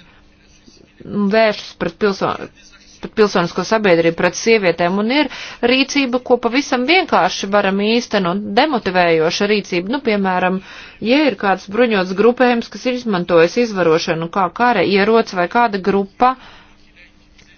un vēršas pret pilsoniem pret pilsonisko sabiedrību, pret sievietēm, un ir rīcība, ko pavisam vienkārši varam īstenot, demotivējoša rīcība. Nu, piemēram, ja ir kāds bruņots grupējums, kas ir izmantojis izvarošanu kā kara ieroci vai kāda grupa, uh,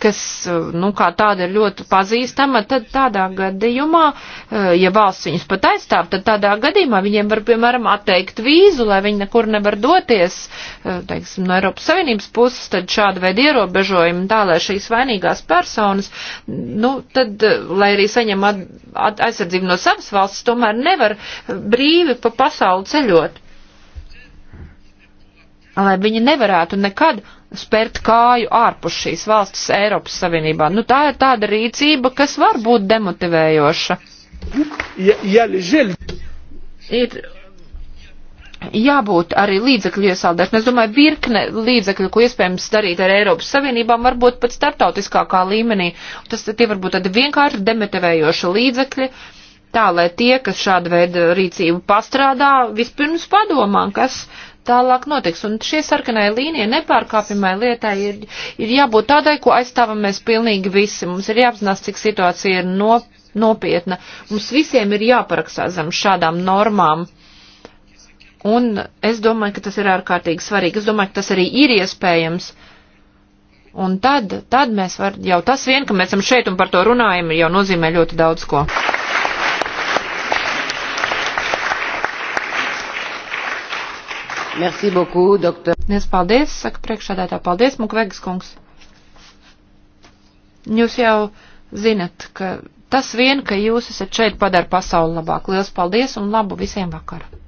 kas, eh, nu, kā tāda ir ļoti pazīstama, tad tādā gadījumā, eh, ja valsts viņus pat aizstāv, tad tādā gadījumā viņiem var, piemēram, atteikt vīzu, lai viņi nekur nevar doties, eh, teiksim, no Eiropas Savienības puses, tad šāda veida ierobežojumi tā, lai šīs vainīgās personas, nu, tad, lai arī saņem at, at, aizsardzību no savas valsts, tomēr nevar brīvi pa pasauli ceļot. Lai viņi nevarētu nekad spērt kāju ārpus šīs valstis Eiropas Savienībā. Nu, tā ir tāda rīcība, kas var būt demotivējoša. Ja, ja, ir jābūt arī līdzekļu iesaldēšanai. Es domāju, virkne līdzekļu, ko iespējams darīt ar Eiropas Savienībām, varbūt pat startautiskākā līmenī. Tas tie varbūt tādi vienkārši demotivējoši līdzekļi. Tā, lai tie, kas šāda veida rīcību pastrādā, vispirms padomā, kas, uh, tālāk notiks. Un šie sarkanai līnija nepārkāpjamai lietai ir, ir jābūt tādai, ko aizstāvam mēs pilnīgi visi. Mums ir jāapzinās, cik situācija ir no, nopietna. Mums visiem ir jāparakstā zem šādām normām. Un es domāju, ka tas ir ārkārtīgi svarīgi. Es domāju, ka tas arī ir iespējams. Un tad, tad mēs var, jau tas vien, ka mēs esam šeit un par to runājam, jau nozīmē ļoti daudz ko. Merci beaucoup, doktor. Nes paldies, saka priekšādētā. Paldies, Mukvegas kungs. Jūs jau zinat, ka tas vien, ka jūs esat šeit, padara pasauli labāk. Lielas paldies un labu visiem vakaru!